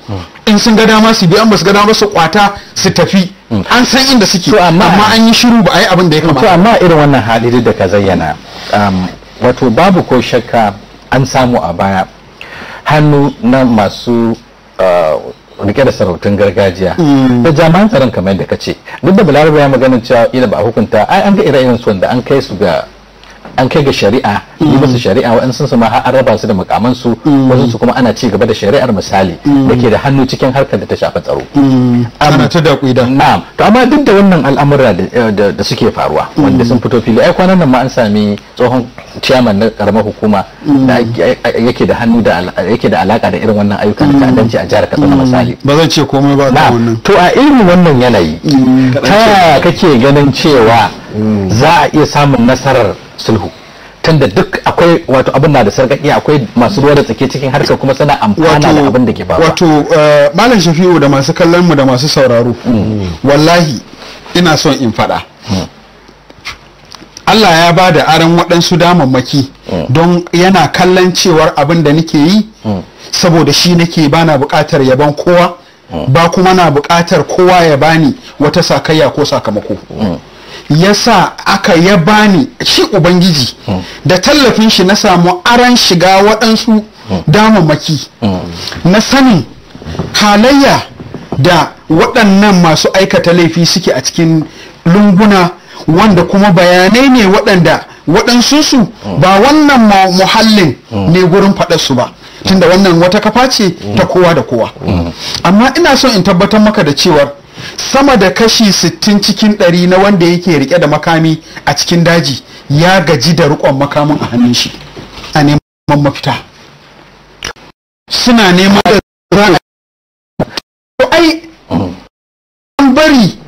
in sun ga dama su bi an ba su ga dama su kwata su tafi Mm. an san inda suke amma an yi shiru ba a yi abin da ya kamata amma irin wannan hali da ka zayyana um, wato babu ko shakka an samu a baya hannu na masu uh, rike da sarautun gargajiya mm. da jami'an tsaron kamar da ka ce duk da balarabe ya magana cewa ila ba a hukunta ai an ga ire-iren su wanda an kai su ga an kai ga shari'a yi musu mm. shari'a wa'ansu su ma har raba su da mukaman su mm. wasu su kuma ana ci gaba da shari'ar misali mm. da ke da hannu cikin harkar da ta shafi tsaro ana ta da kuida na'am to amma duk da wannan al'amura da eh, suke faruwa wanda sun fito fili ai kwanan nan ma an sami tsohon ciyaman na karamar hukuma da yake da hannu da yake da alaka da irin wannan ayyuka da ta'addanci a jihar Katsina misali ba zan ce komai ba da wannan to a irin wannan yanayi ta kake ganin cewa za a iya samun nasarar sulhu tunda duk akwai wato abin na da sarƙaƙi akwai masu ruwa da tsake cikin harkar kuma suna amfana da abin da ke ba wato eh, malam shafi'u da masu kallon mu da masu sauraro mm. wallahi ina son in faɗa mm. Allah ya ba da aron waɗansu damammaki mm. don yana kallon cewar abin da nake yi saboda shi nake ba na buƙatar yaban kowa ba kuma na buƙatar kowa ya bani wata sakayya ko sakamako ya sa aka ya bani shi ubangiji hmm. da tallafin shi na samu aran shiga waɗansu hmm. damammaki hmm. na sanin halayya da waɗannan masu aikata laifi suke a cikin lunguna wanda kuma bayanai ne waɗanda su ba wannan muhallin ne gurin faɗarsu ba tunda wannan wata kafa ce ta kowa da kowa amma ina son in tabbatar maka da cewar sama da kashi 60 cikin 100 na wanda yake rike da makami a cikin daji ya gaji da rikon makamin a hannun shi a neman mafita suna neman da to ai an bari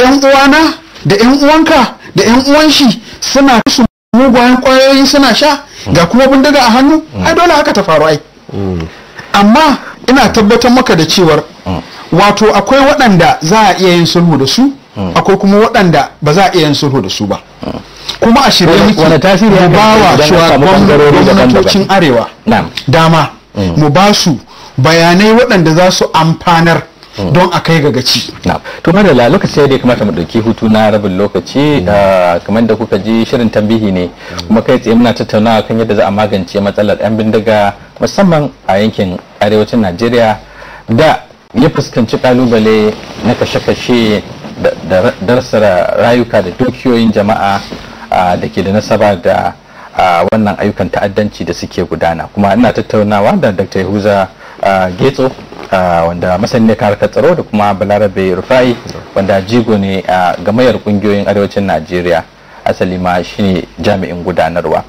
yan uwana da yan uwanka da yan uwan shi suna su mugayen kwayoyi suna sha ga kuma bindiga a hannu ai dole haka ta faru ai mm. amma ina tabbatar maka da cewar mm. wato akwai waɗanda za a iya yin sulhu da su hmm. akwai kuma waɗanda ba za a iya yin sulhu da su ba hmm. kuma a shirye muke mu ba wa gwamnatocin arewa dama hmm. mu ba su bayanai waɗanda za su amfanar don a kai gaci. to madalla lokaci da ya kamata mu ɗauki hutu na rabin lokaci ah, kamar da kuka ji shirin tambihi ne kuma kai tsaye muna tattaunawa kan yadda za a magance matsalar 'yan bindiga musamman a yankin arewacin najeriya da ya fuskanci kalubale na kashe-kashe da darsara rayuka da dukiyoyin jama'a da ke da nasaba da wannan ayyukan ta'addanci da suke gudana kuma ina tattaunawa da dr yahuza getso wanda masani ne karkar tsaro da kuma balarabe rufai wanda jigo ne a gamayar kungiyoyin arewacin najeriya asali ma shine jami'in gudanarwa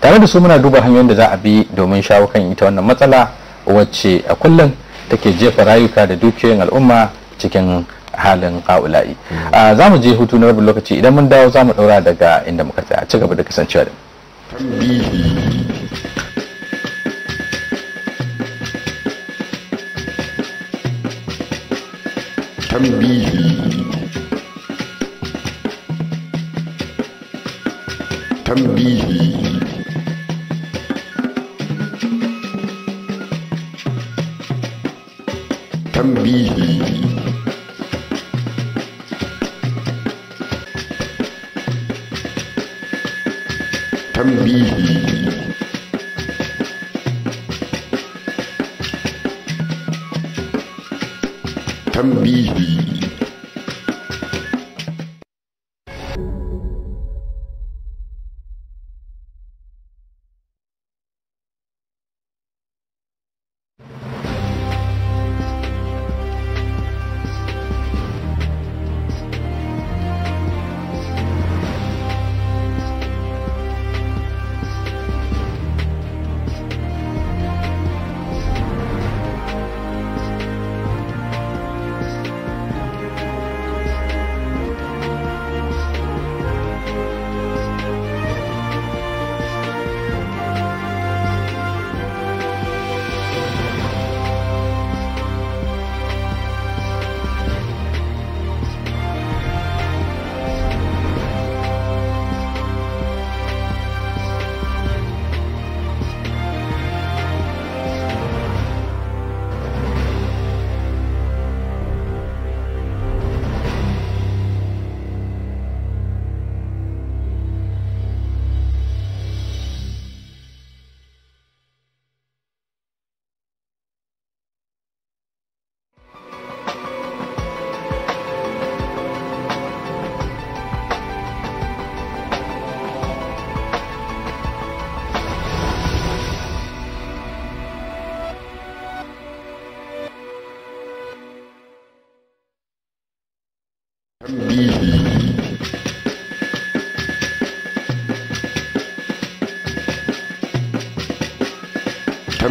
tare da su muna duba hanyoyin da za a bi domin shawo kan ita wannan matsala wacce a kullum take jefa rayuka da dukiyoyin al'umma cikin halin ka'ula'i hmm. ah, za mu je hutu na rabin lokaci idan mun dawo za mu daura daga inda muka tsaya ci gaba da kasancewa da tambihi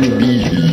Be here.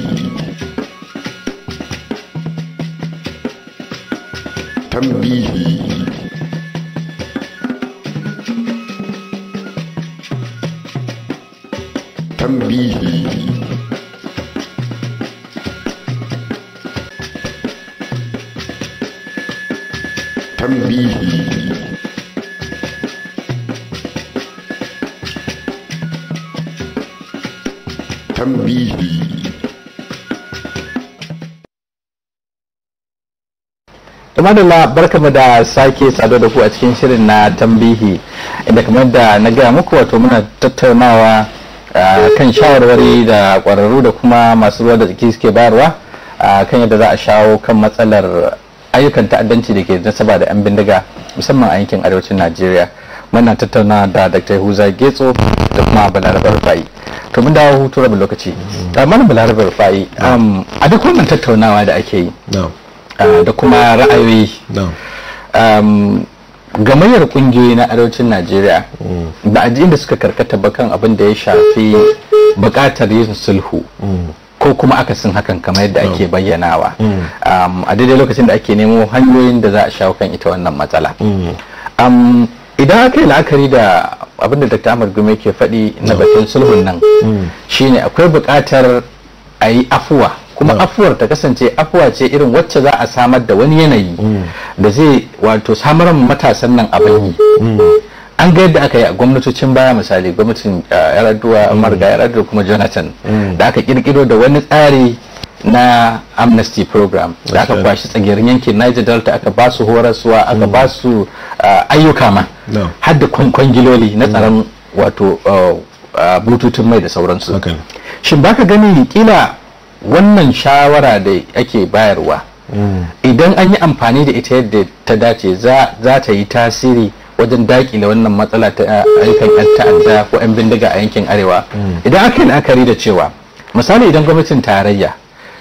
barka barkamu da sake sado da ku a cikin shirin na tambihi inda kamar da na gaya muku wato muna tattaunawa kan shawarwari da kwararru da kuma masu ruwa da tsaki suke bayarwa kan yadda za a shawo kan matsalar ayyukan ta'addanci da ke nasaba da 'yan bindiga musamman a yankin arewacin najeriya muna tattauna da dr huza getso da kuma balarabar rufa'i to mun dawo hutu rabin lokaci mana balarabar rufa'i a duk wannan tattaunawa da ake yi Ah, da kuma ra'ayoyi gamayyar kungiyoyi na arewacin najeriya Da mm. a da suka karkata ba kan abin da ya shafi bukatar yin sulhu mm. ko kuma aka akasin hakan kamar yadda ake bayyanawa mm. a daidai lokacin da ake nemo hanyoyin da za a shawo kan ita wannan matsala idan aka yi la'akari da abin da dr amur gume ke faɗi na batun sulhun nan shine akwai bukatar a yi afuwa kuma afuwar ta kasance afuwa ce irin wacce za a samar da wani yanayi mm. da zai wato samar mu matasan nan a yi mm. an ga yadda aka yi a gwamnatocin baya misali gwamnatin uh, yaraduwa mm. marga yaraduwa kuma jonathan da aka kirkiro da wani tsari na amnesty program da aka kwashi tsagirin yankin niger delta aka ba su horaswa aka ba su uh, ayyuka ma har kwangiloli na tsaron wato uh, bututun mai da sauransu shin baka gani kila wannan shawara da ake bayarwa hmm. idan an yi amfani da ita yadda ta dace za ta yi tasiri wajen daƙi daƙile wannan matsala ta yankin ta'adda ko 'yan bindiga a yankin arewa hmm. idan aka yi la'akari da cewa misali idan gwamnatin tarayya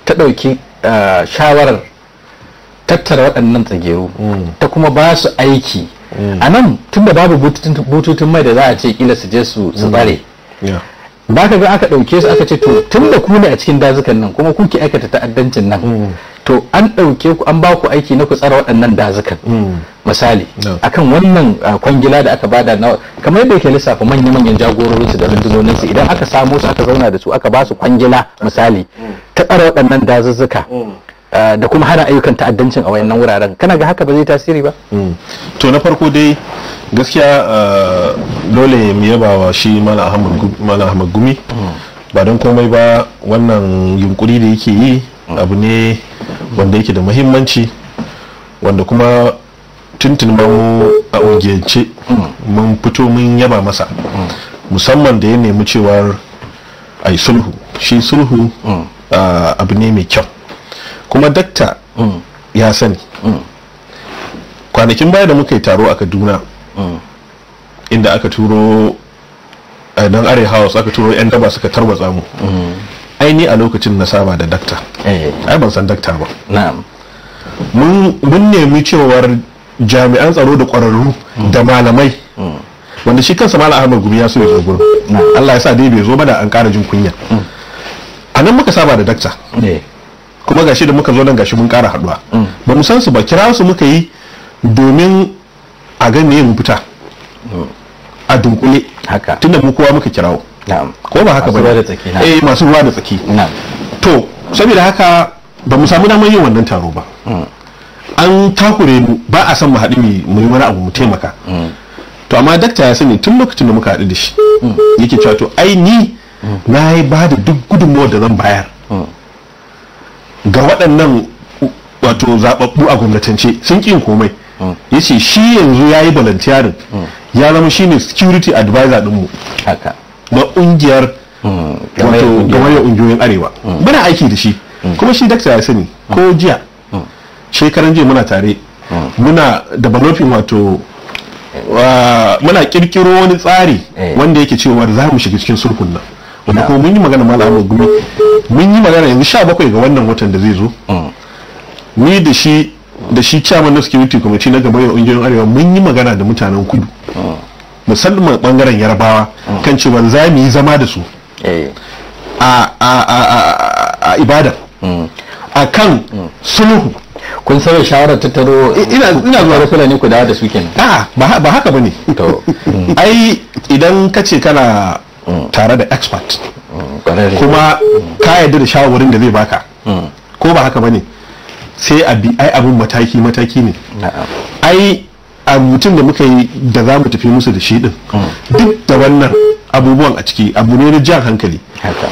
ta ɗauki shawarar tattara waɗannan tsageru hmm. ta kuma ba su aiki a nan tun da babu bututun mai da za a ce kila su je su tsare ba ka ga aka ɗauke su aka ce to tun da ku ne a cikin dazukan nan kuma kuke aikata ta'addancin nan hmm. to an ɗauke ku an ba ku aiki na ku tsara waɗannan dazukan hmm. misali akan wannan ah, kwangila da aka bada na kamar yadda yake lissafa manya-manyan jagororin su da rundunonin su idan aka samo su aka zauna da su aka ba su kwangila misali ta tsara waɗannan dazuzzuka hmm. Eh, da kuma hana ayyukan ta'addancin a wayannan wuraren kana ga haka ba zai tasiri ba mm. to na farko dai gaskiya eh, dole mu yaba wa shi mala ahmad gumi mm. ba don komai ba wannan yunkuri da yake yi mm. abu ne wanda yake da muhimmanci wanda kuma tuntun mu a ogiyance mun fito mun yaba masa musamman da ya nemi cewar ai sulhu shi sulhu eh, abu ne mai kyau kuma dakta mm. ya sani mm. kwanakin baya da muka yi taro a kaduna mm. inda aka turo a eh, nan are house aka turo yan gaba suka tarwatsa mu aini a lokacin na saba da dakta eh. ai ban san dakta ba mun nemi cewar jami'an tsaro da kwararru da malamai wanda shi kansa malam ahmad gumi ya so ya gurin allah ya sa dai bai zo ba da an ƙara jin kunya a nan muka saba da dakta eh. kuma gashi da muka zo nan gashi mun kara haduwa ba mu san su ba kira su muka yi domin a ga mu fita a dunkule haka tunda mu kowa muka kirawo ko ba haka ba eh masu ruwa da tsaki to saboda haka ba mu samu damar yin wannan taro ba mm. an takure mu ba a san mu haɗu mu yi wani abu mu taimaka mm. to amma dakta ya sani tun lokacin da muka haɗu da shi mm. yake cewa to ai ni na yi ba da duk gudunmawar da zan bayar ga waɗannan wato zaɓaɓɓu a gwamnatance sun ƙin komai hmm. ya ce shi yanzu ya yi volunteering hmm. ya zama shi ne security advisor ɗinmu na ƙungiyar hmm. gamayyar ƙungiyoyin arewa muna aiki da shi kuma shi dakta ya sani ko jiya shekaran jiya muna tare muna developing wato muna kirkiro wani tsari eh. wanda yake cewa za mu shiga cikin sulhun nan wanda kuma mun yi magana malam gumi mun yi magana yanzu sha bakwai ga wannan watan da zai zo mm. ni da shi da shi chairman na security committee na gaba ungiyoyin arewa mun yi magana da mutanen kudu mm. musamman bangaren yarbawa mm. kan cewa za mu yi zama da su eh. a ibada a kan sulhu kun sauya shawarar tattaro ina zuwa kula ne ku da su kenan ah, a ba haka bane to ai idan ka ce kana tare da expert mm, kuma ka yarda da shawarwarin da zai baka mm. ko ba haka bane sai a bi ai abin mataki mataki ne ai a mutum da muka yi da za mu tafi musu da shi din mm. duk da wannan abubuwan a ciki abu ne na jan hankali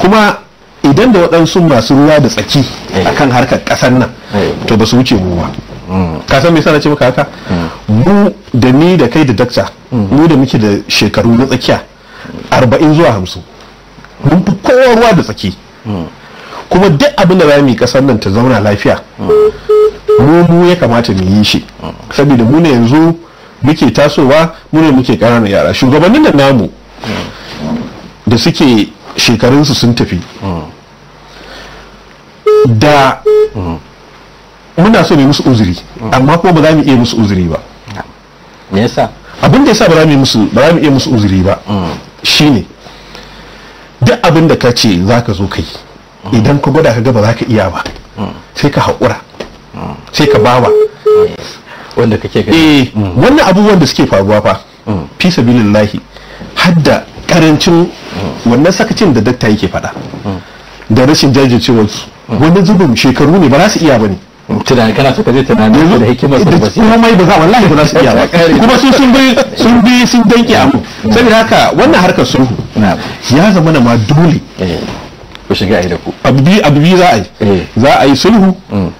kuma idan da waɗansu masu ruwa da tsaki eh. a kan harkar ƙasar nan eh. to ba su wuce mu ba ka san me yasa na ce maka haka mu da ni da kai da dakta mu da muke da shekaru na tsakiya arba'in zuwa hamsin mun fi kowa ruwa da tsaki kuma duk abin da za mu yi kasar nan ta zauna lafiya mu mu ya kamata mu yi shi saboda mu ne yanzu muke tasowa mu ne muke ƙananan yara shugabannin da namu da suke shekarunsu sun tafi da muna so ne musu uzuri amma kuma ba za mu iya musu uzuri ba me yasa abin da yasa ba za mu iya musu uzuri ba shine duk abin da ka ce za ka zo ka yi idan ka gwada ka ga ba za ka iya ba sai ka haƙura sai ka bawa wanda kake gani eh, mm. wannan abubuwan da suke faruwa fa mm. fi sabilillahi hadda karancin mm. wannan sakacin da dakta yake faɗa da rashin jajircewarsu wani zubin shekaru ne ba za su iya ba ne tunani kana so ka je tunani su da hikimar su ba komai ba za wallahi ba su iya ba kuma su sun bi sun bi sun danke abu saboda haka wannan harkar sulhu ya zama na ma dole eh, ku shiga ai da ku abu bi za a yi eh. za a yi sulhu mm.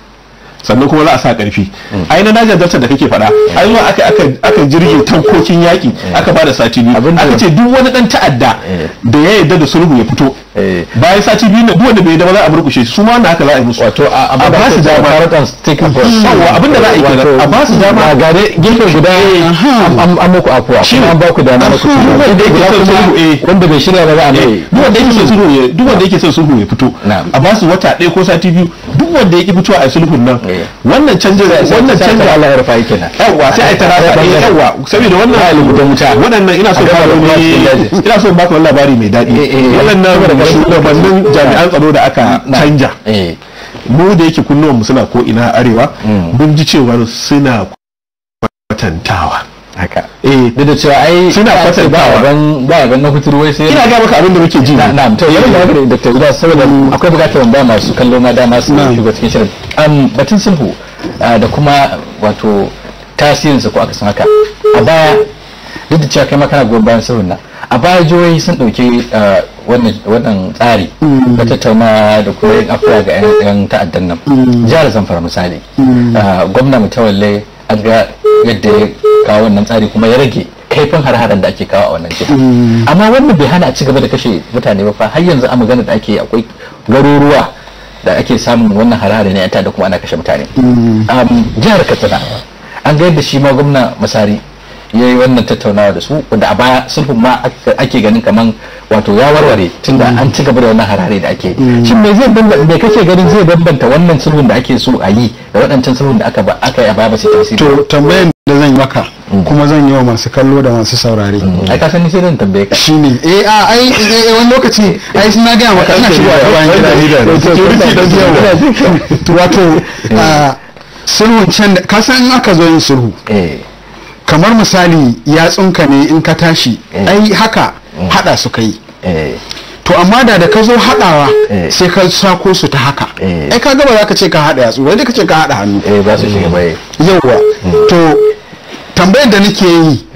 sannan kuma za a sa karfi mm. ai na Niger Delta da kake faɗa mm. ai ma aka aka jirge tankokin yaki mm. aka bada sati biyu aka ce duk wani dan ta'adda da ya yarda da sulhu ya fito eh. bayan sati biyu na duk wanda bai yarda ba za a burkushe su ma na haka za a yi musu wato a ba su dama yawa abin da za a yi kenan a ba su dama a gare gefen guda eh. an muku afuwa shi an ba ku dama na kuma wanda yake son sulhu eh wanda bai shirya ba za a mai eh. duk wanda yake son sulhu ya duk wanda yake son sulhu ya fito a ba su wata ɗaya ko sati biyu duk wanda ya ki fitowa a sulhun nan eh. wannan canjin wannan canjin Allah ya rufa yake nan yawa sai ai tarasa eh yawa saboda wannan alimu da muta waɗannan ina so ba ku ina so ba ku labari mai daɗi eh, eh, waɗannan shugabannin jami'an tsaro da aka canja mu da yake kunnuwan mu suna ko ina arewa mm. mun ji cewa suna kwatantawa haka eh da da cewa ai suna kwatantawa ban ba ban na fitur wai sai ina ga maka abin da muke ji na'am to yau da da Dr. Uda saboda akwai bukatar ba masu kallo ma dama su shiga cikin shirin am batun sulhu ah, da kuma wato tasirin sa ko aka san haka a baya duk da cewa kai makana goyon bayan sulhun nan a baya jihohi sun dauki ah, wannan tsari da mm. tattauna da kuma yin afuwa ga 'yan ta'addan nan mm. jihar zamfara misali mm. ah, gwamna mutawalle an ga yadda ya kawo wannan tsari kuma ya rage kaifin har-haren da ake kawo a wannan jiha hmm. amma wannan bai hana a ci gaba da kashe mutane ba fa har yanzu a magana da ake akwai garuruwa da ake samun wannan harare ne ta da kuma ana kashe mutane hmm. jihar katsina an ga yadda shi ma gwamna masari ya yi wannan tattaunawa da su wanda a baya sulhun ma ake ganin kaman wato ya warware tunda an ci gaba da wannan harare da ake shin me zai bambanta mai kake ganin zai bambanta wannan sulhun da ake so a yi da waɗancan sulhun da aka aka yi a baya ba su tasiri to tambayar da zan yi maka kuma zan yi wa masu kallo da masu saurare ai ka sani sai zan tambaye ka shine eh a ai wani lokaci ai sun ga maka ina shigowa da bayan gida wato sulhun can ka san aka zo yin sulhu eh kamar misali yatsunka ne in ka tashi eh. ai haka eh. hada su kai eh. to amma da da ka zo hadawa sai ka sako su ta haka ai ka gaba za ce ka hada yatsu wai ka ce ka hada hannu eh ba su shiga bai yawa hmm. to tambayar da nake yi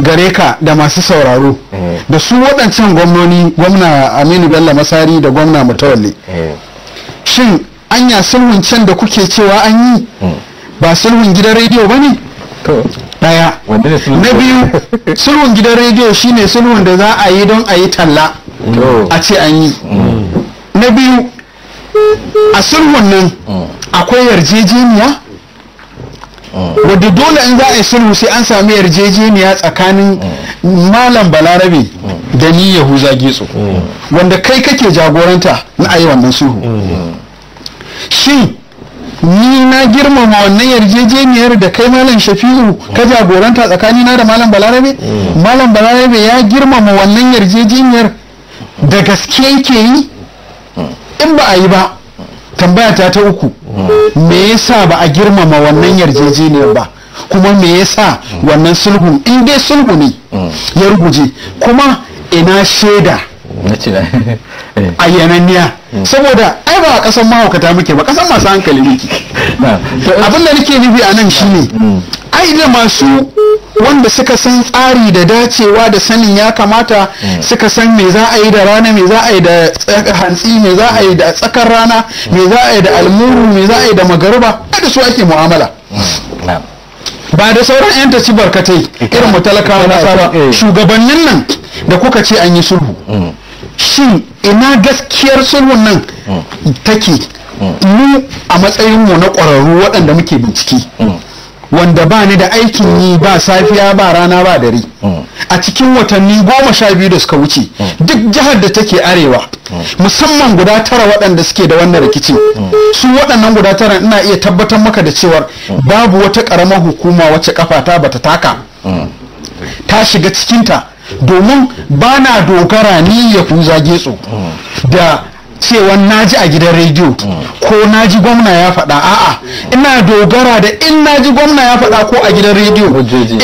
gare ka da masu sauraro da su waɗancan gwamnoni gwamna aminu bello masari da gwamna mutawalle shin anya sulhun can da kuke cewa an yi hmm. ba sulhun gidan rediyo ba ne daya na biyu sulhun gidan rediyo shine sulhun da za a yi don a yi talla a ce an yi na biyu a sulhun nan akwai yarjejeniya wadda dole in za a yi sulhu sai an sami yarjejeniya tsakanin malam balarabe da ni yahuza getso wanda kai kake jagoranta na a yi wannan sulhu shi ni na girmama wannan yarjejeniyar da kai malam shafi'u ka jagoranta tsakani na da malam balarabe mm. malam balarabe ya girmama wannan yarjejeniyar da gaske yake yi mm. in ba a yi ba tambaya ta ta uku mm. me yasa ba a girmama wannan yarjejeniyar ba kuma me yasa wannan sulhu in dai sulhu ne ya ruguje kuma ina shaida Eh. a yananniya mm. saboda ai ba a kasan mahaukata muke ba kasan masu hankali muke abin da nake nufi a nan shine mm. ai da masu wanda suka san tsari da dacewa da sanin ya kamata mm. suka san me za a yi da rana me za a yi da hantsi me za a yi da tsakar rana me za a yi da almuru me za a yi da magaruba da su ake mu'amala ba da sauran 'yan taci barkatai irin mu talakawa na eh. shugabannin nan da kuka ce an yi sulhu shin ina gaskiyar sulhun nan mm. take mm. mu a matsayin mu na ƙwararru waɗanda muke bincike mm. wanda ba ni da aikin yi ba safiya ba rana ba dare a cikin watanni goma sha biyu da suka wuce duk jihar da take arewa musamman guda tara waɗanda suke da wannan rikici. su waɗannan guda tara ina iya tabbatar maka da cewar babu wata ƙaramar hukuma wacce kafa ta bata taka ta shiga cikinta domin ba na dogara ni ya kun zage su da cewa naji a gidan rediyo ko naji gwamna ya faɗa a'a ina dogara da in naji gwamna ya faɗa ko a gidan rediyo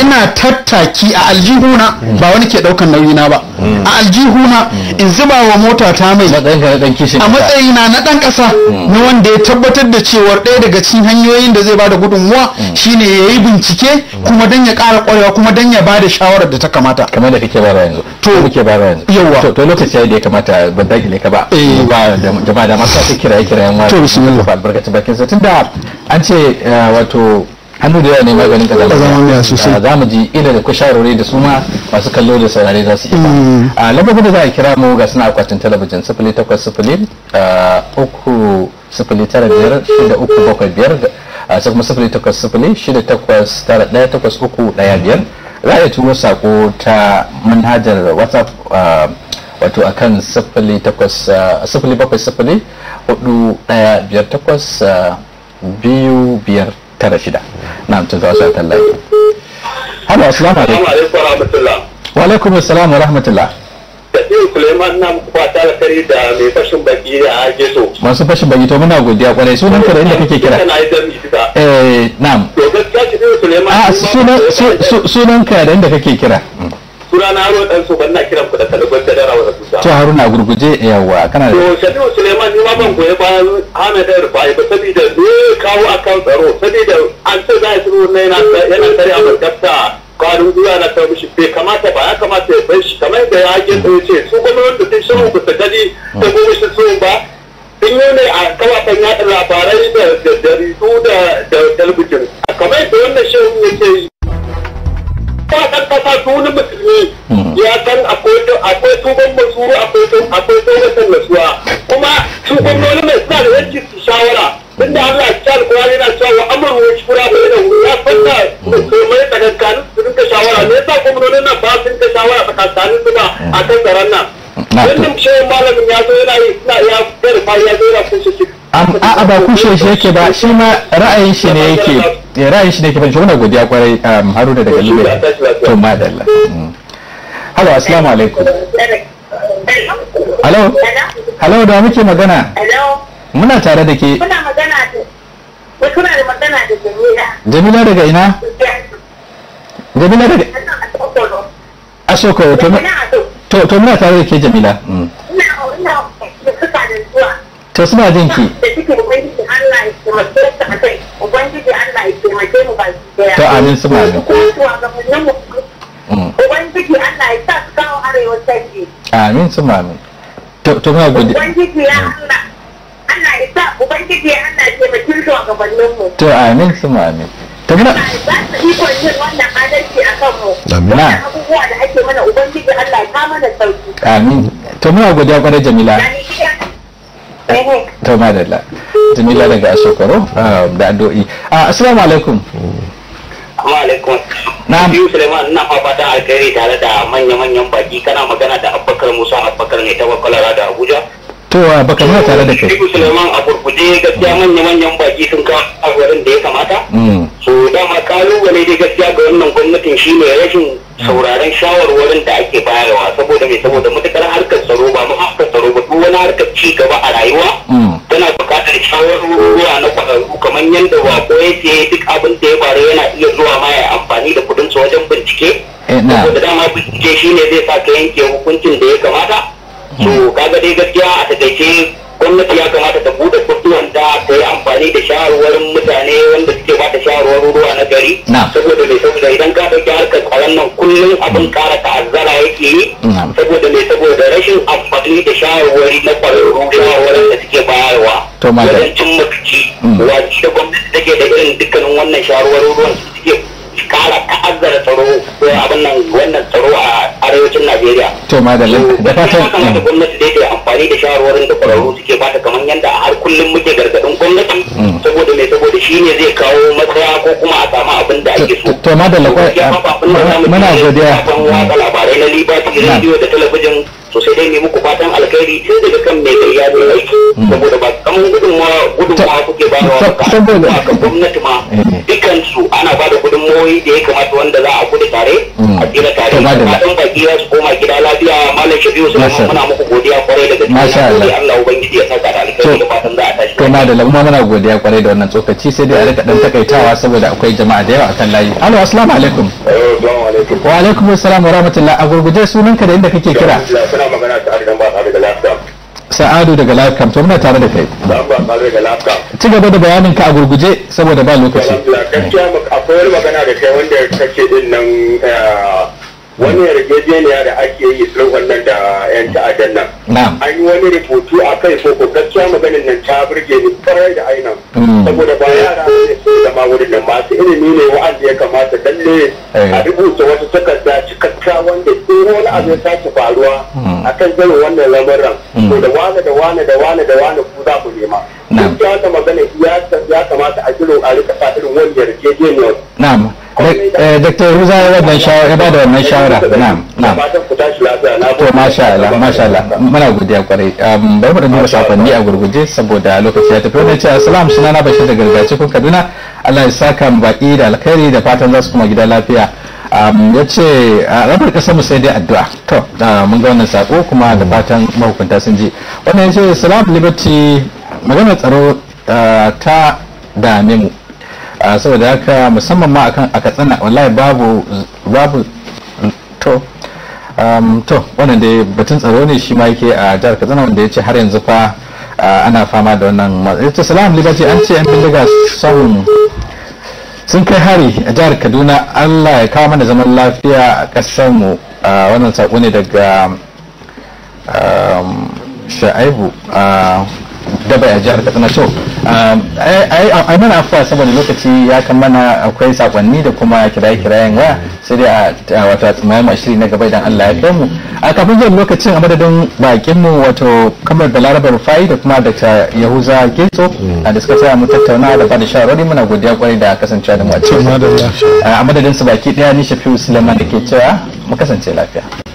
ina tattaki a aljihuna ba wani ke ɗaukan nauyina ba a aljihuna in zuba wa mota ta mai a matsayina na ɗan ƙasa hmm. na wanda ya tabbatar da cewar ɗaya daga cikin hanyoyin da zai bada gudunmuwa hmm. shine ya yi bincike hmm. kuma dan ya ƙara ƙwarewa kuma dan ya bada shawarar da ta kamata kamar da kake bara yanzu to kake bara yanzu yawa to lokaci da ya kamata ban ne ka ba eh. ba jama'a da masu ake kira kirayen wani to bismillah ba albarkacin bakin tunda an ce eh, wato hannu da yawa ne maganin kaza da sosai ah, za mu ji ila da kusharori da su ma masu kallo da saurare za su iya mm. a ah, lambobin da za a kira mu ga suna akwatin talabijin sifili takwas sifili ah, uku sifili tara biyar shida uku bakwai biyar sai kuma sifili takwas sifili shida takwas tara ɗaya takwas uku ɗaya biyar za a iya turo sako ta manhajar whatsapp wato a kan ah, sifili bakwai sifili hudu biyar takwas ah, biyu biyar tara shida na mutum za su a tallafi hada assalamu alaikum wa alaikum wa rahmatullah Kadir Suleiman na fata da kari da mai fashin baki a Geso. Masu fashin baki to muna godiya kwarai sunan ka da inda kake kira. Eh na'am. Ah, ka da hmm. sunana Haruna dan Soban na kiran ku da Kalibin Gadara wa kusa To Haruna gurguje eh, yawa kana da. To Shafi'u Suleiman ni ma ban goyi ba Ahmed Rufai ba saboda ne kawo akan tsaro saboda an ce za a ne yana yana tare a barkata kwarin gwiwa na ta mishi bai kamata ba ya kamata ya bar shi kamar da ya ake ce su gwamnati sun shirin ku ta gani ta ba sun yi ne a kawakan yaɗa labarai da jaridu da talbijin kamar da wannan shi yake yi ba ɗan ƙasa to wani musulmi hmm. ya san akwai akwai tuban masuru akwai akwai tuban nasuwa kuma su gwamnoni mai suna da yanki su shawara tunda Allah ya tsara kuma yana cewa wa amru wa shura bayanan ya fanna to mai tsakankanin su dinka shawara me yasa gwamnoni nan ba su dinka shawara tsakankanin su ba a kan tsaron nan wannan cewa malamin ya zo yana yi suna ya garfa ya zo yana kushe shi a'a ba kushe shi yake ba shi ma ra'ayin shi ne yake ya eh, ra'ayin shi ne ke fahimci muna godiya kwarai um, haruna daga libya to madalla mm. halo assalamu alaikum halo halo da muke magana muna tare da ke muna magana da kuna da magana da jamila jamila daga ina jamila daga a soko to muna tare da ke jamila mm. to suna jinki amin su mamin. Mm. Ubangiji Allah ya sa su kawo arewa canji. Amin su To muna gode. Ubangiji mm. Allah. Allah ya sa Ubangiji To amin su mamin. ta muna ikon yin wannan adalci a kanmu wannan abubuwa da ake mana ubangiji Allah ya kama da sauki amin to muna jamila eh, to jamila daga ashokoro ah, da ah, assalamu alaikum na biyu Suleiman ina ma alkhairi tare da manya-manyan baki kana magana da Abubakar Musa Abubakar ne ta Kwakwalara da Abuja. To Abubakar muna tare da kai. Biyu Suleiman a gurguje gaskiya mm. manya-manyan baki sun ka a wurin da ya kamata. Mm. So dama kalubale dai gaskiya ga wannan gwamnatin shi ne rashin sauraron shawarwarin da ake bayarwa saboda mai saboda matukar harkar tsaro ba mu harkar tsaro ba duk wani harkar ci gaba a rayuwa. Mm. Tana buƙatar shawarwari na kwararru kamar yadda wako yake duk abin da ya faru yana iya zuwa ma ya bincike eh, da dama bincike shi ne zai sa ka yanke hukuncin da ya kamata to kaga dai gaskiya a takaice gwamnati ya kamata ta bude kuɗi da ta yi amfani da shawarwarin mutane wanda suke ba ta ruwa na gari saboda mai saboda idan ka ɗauki harkar tsaron nan kullum abin kara ta'azzara yake yi saboda mai saboda rashin amfani da shawarwari na kwararru shawarwarin da suke bayarwa wajen cin mafici wajen da gwamnati take da irin dukkanin wannan shawarwarin ruwan azzara tsaro ko abin nan wannan tsaro a arewacin Najeriya. To madalla da fatan kamata gwamnati da yake amfani da shawarwarin da kwararru suke bata kamar yadda har kullum muke gargadin gwamnati mm. saboda me saboda shi ne zai kawo matsaya ko kuma a samu abin da ake so. To madalla muna godiya. Labarai na Liberty Radio da talabijin to sai dai ne muku fatan alkhairi sai daga kan mai ya zo aiki mm. saboda ba kan gudunmawa gudunmawa kuke ba wa gwamnati ma eh, eh. dukansu ana ba hanyoyi da ya kamata wanda za a kudu tare hmm. a tsira tare da fatan baki za su koma gida lafiya malam shafi'u su muna muku godiya kwarai da gaske masha Allah Allah ubangiji ya saka da alkhairi da fatan za a tashi to madalla mu muna godiya kwarai da wannan tsokaci sai dai a rika dan takaitawa saboda akwai jama'a da yawa akan layi alo eh, assalamu alaikum wa alaikum assalam wa rahmatullahi a gurguje sunanka da inda kake kira sa'adu daga lafkam to muna tare da kai ci gaba da bayanin ka a gurguje saboda ba lokaci gaskiya akwai wani magana da kai wanda kake din nan eh, wani yarjejeniya da ake yi sun wannan da yan ta'adar nan an yi wani rubutu a kai ko gaskiya maganin nan ta birge ni farai da aina hmm. saboda ba yara ne su zama wurin nan masu ilimi ne wa'anda ya kamata lalle a eh. rubuta wata in wani abu ya sake faruwa hmm. a kan irin wannan lamarin hmm. to da wane da wane da wane da wane ku za ku nema duk da haka magana ya kamata a jiro a rika sa irin wani yarjejeniyar na'am eh, Dr. Ruza ya wannan shawara ba da wannan shawara na'am na'am to masha Allah masha Allah muna godiya kwarai um, Bai mu duba sakonni a gurguje saboda lokaci ya tafi wannan ce assalamu sunana bashi da gargaci kun Kaduna Allah ya saka mu baki da alkhairi da fatan za su kuma gida lafiya ya ce rabar kasar mu sai dai addu'a to mun ga wannan sako kuma da fatan mahukunta sun ji wannan ya ce salam liberty maganar tsaro ta dame mu saboda haka musamman ma akan a tsana wallahi babu babu mm, to to wannan dai batun tsaro ne shi ma yake a jihar katsina wanda ya ce har yanzu fa ana fama da wannan matsayi ta salam liberty an ce yan bindiga samun sun kai hari a jihar kaduna allah ya kawo mana zaman lafiya a ƙasar mu wannan saƙo ne daga um, shaibu daba a jihar katsina um, a yi mana afuwa saboda lokaci ya kammana akwai sakonni da kuma kiraye-kirayen waya sai dai a wata tsimayen mashiri na gaba idan allah ya kai mu a kafin zuwa lokacin a madadin bakin mu wato kamar da larabar rufai da kuma dr yahuza geto a mm. da suka mu tattauna da bada shawarwari muna godiya kwarai da kasancewa da mu a cikin a madadin su baki daya ni shafiu suleiman da ke cewa mu kasance lafiya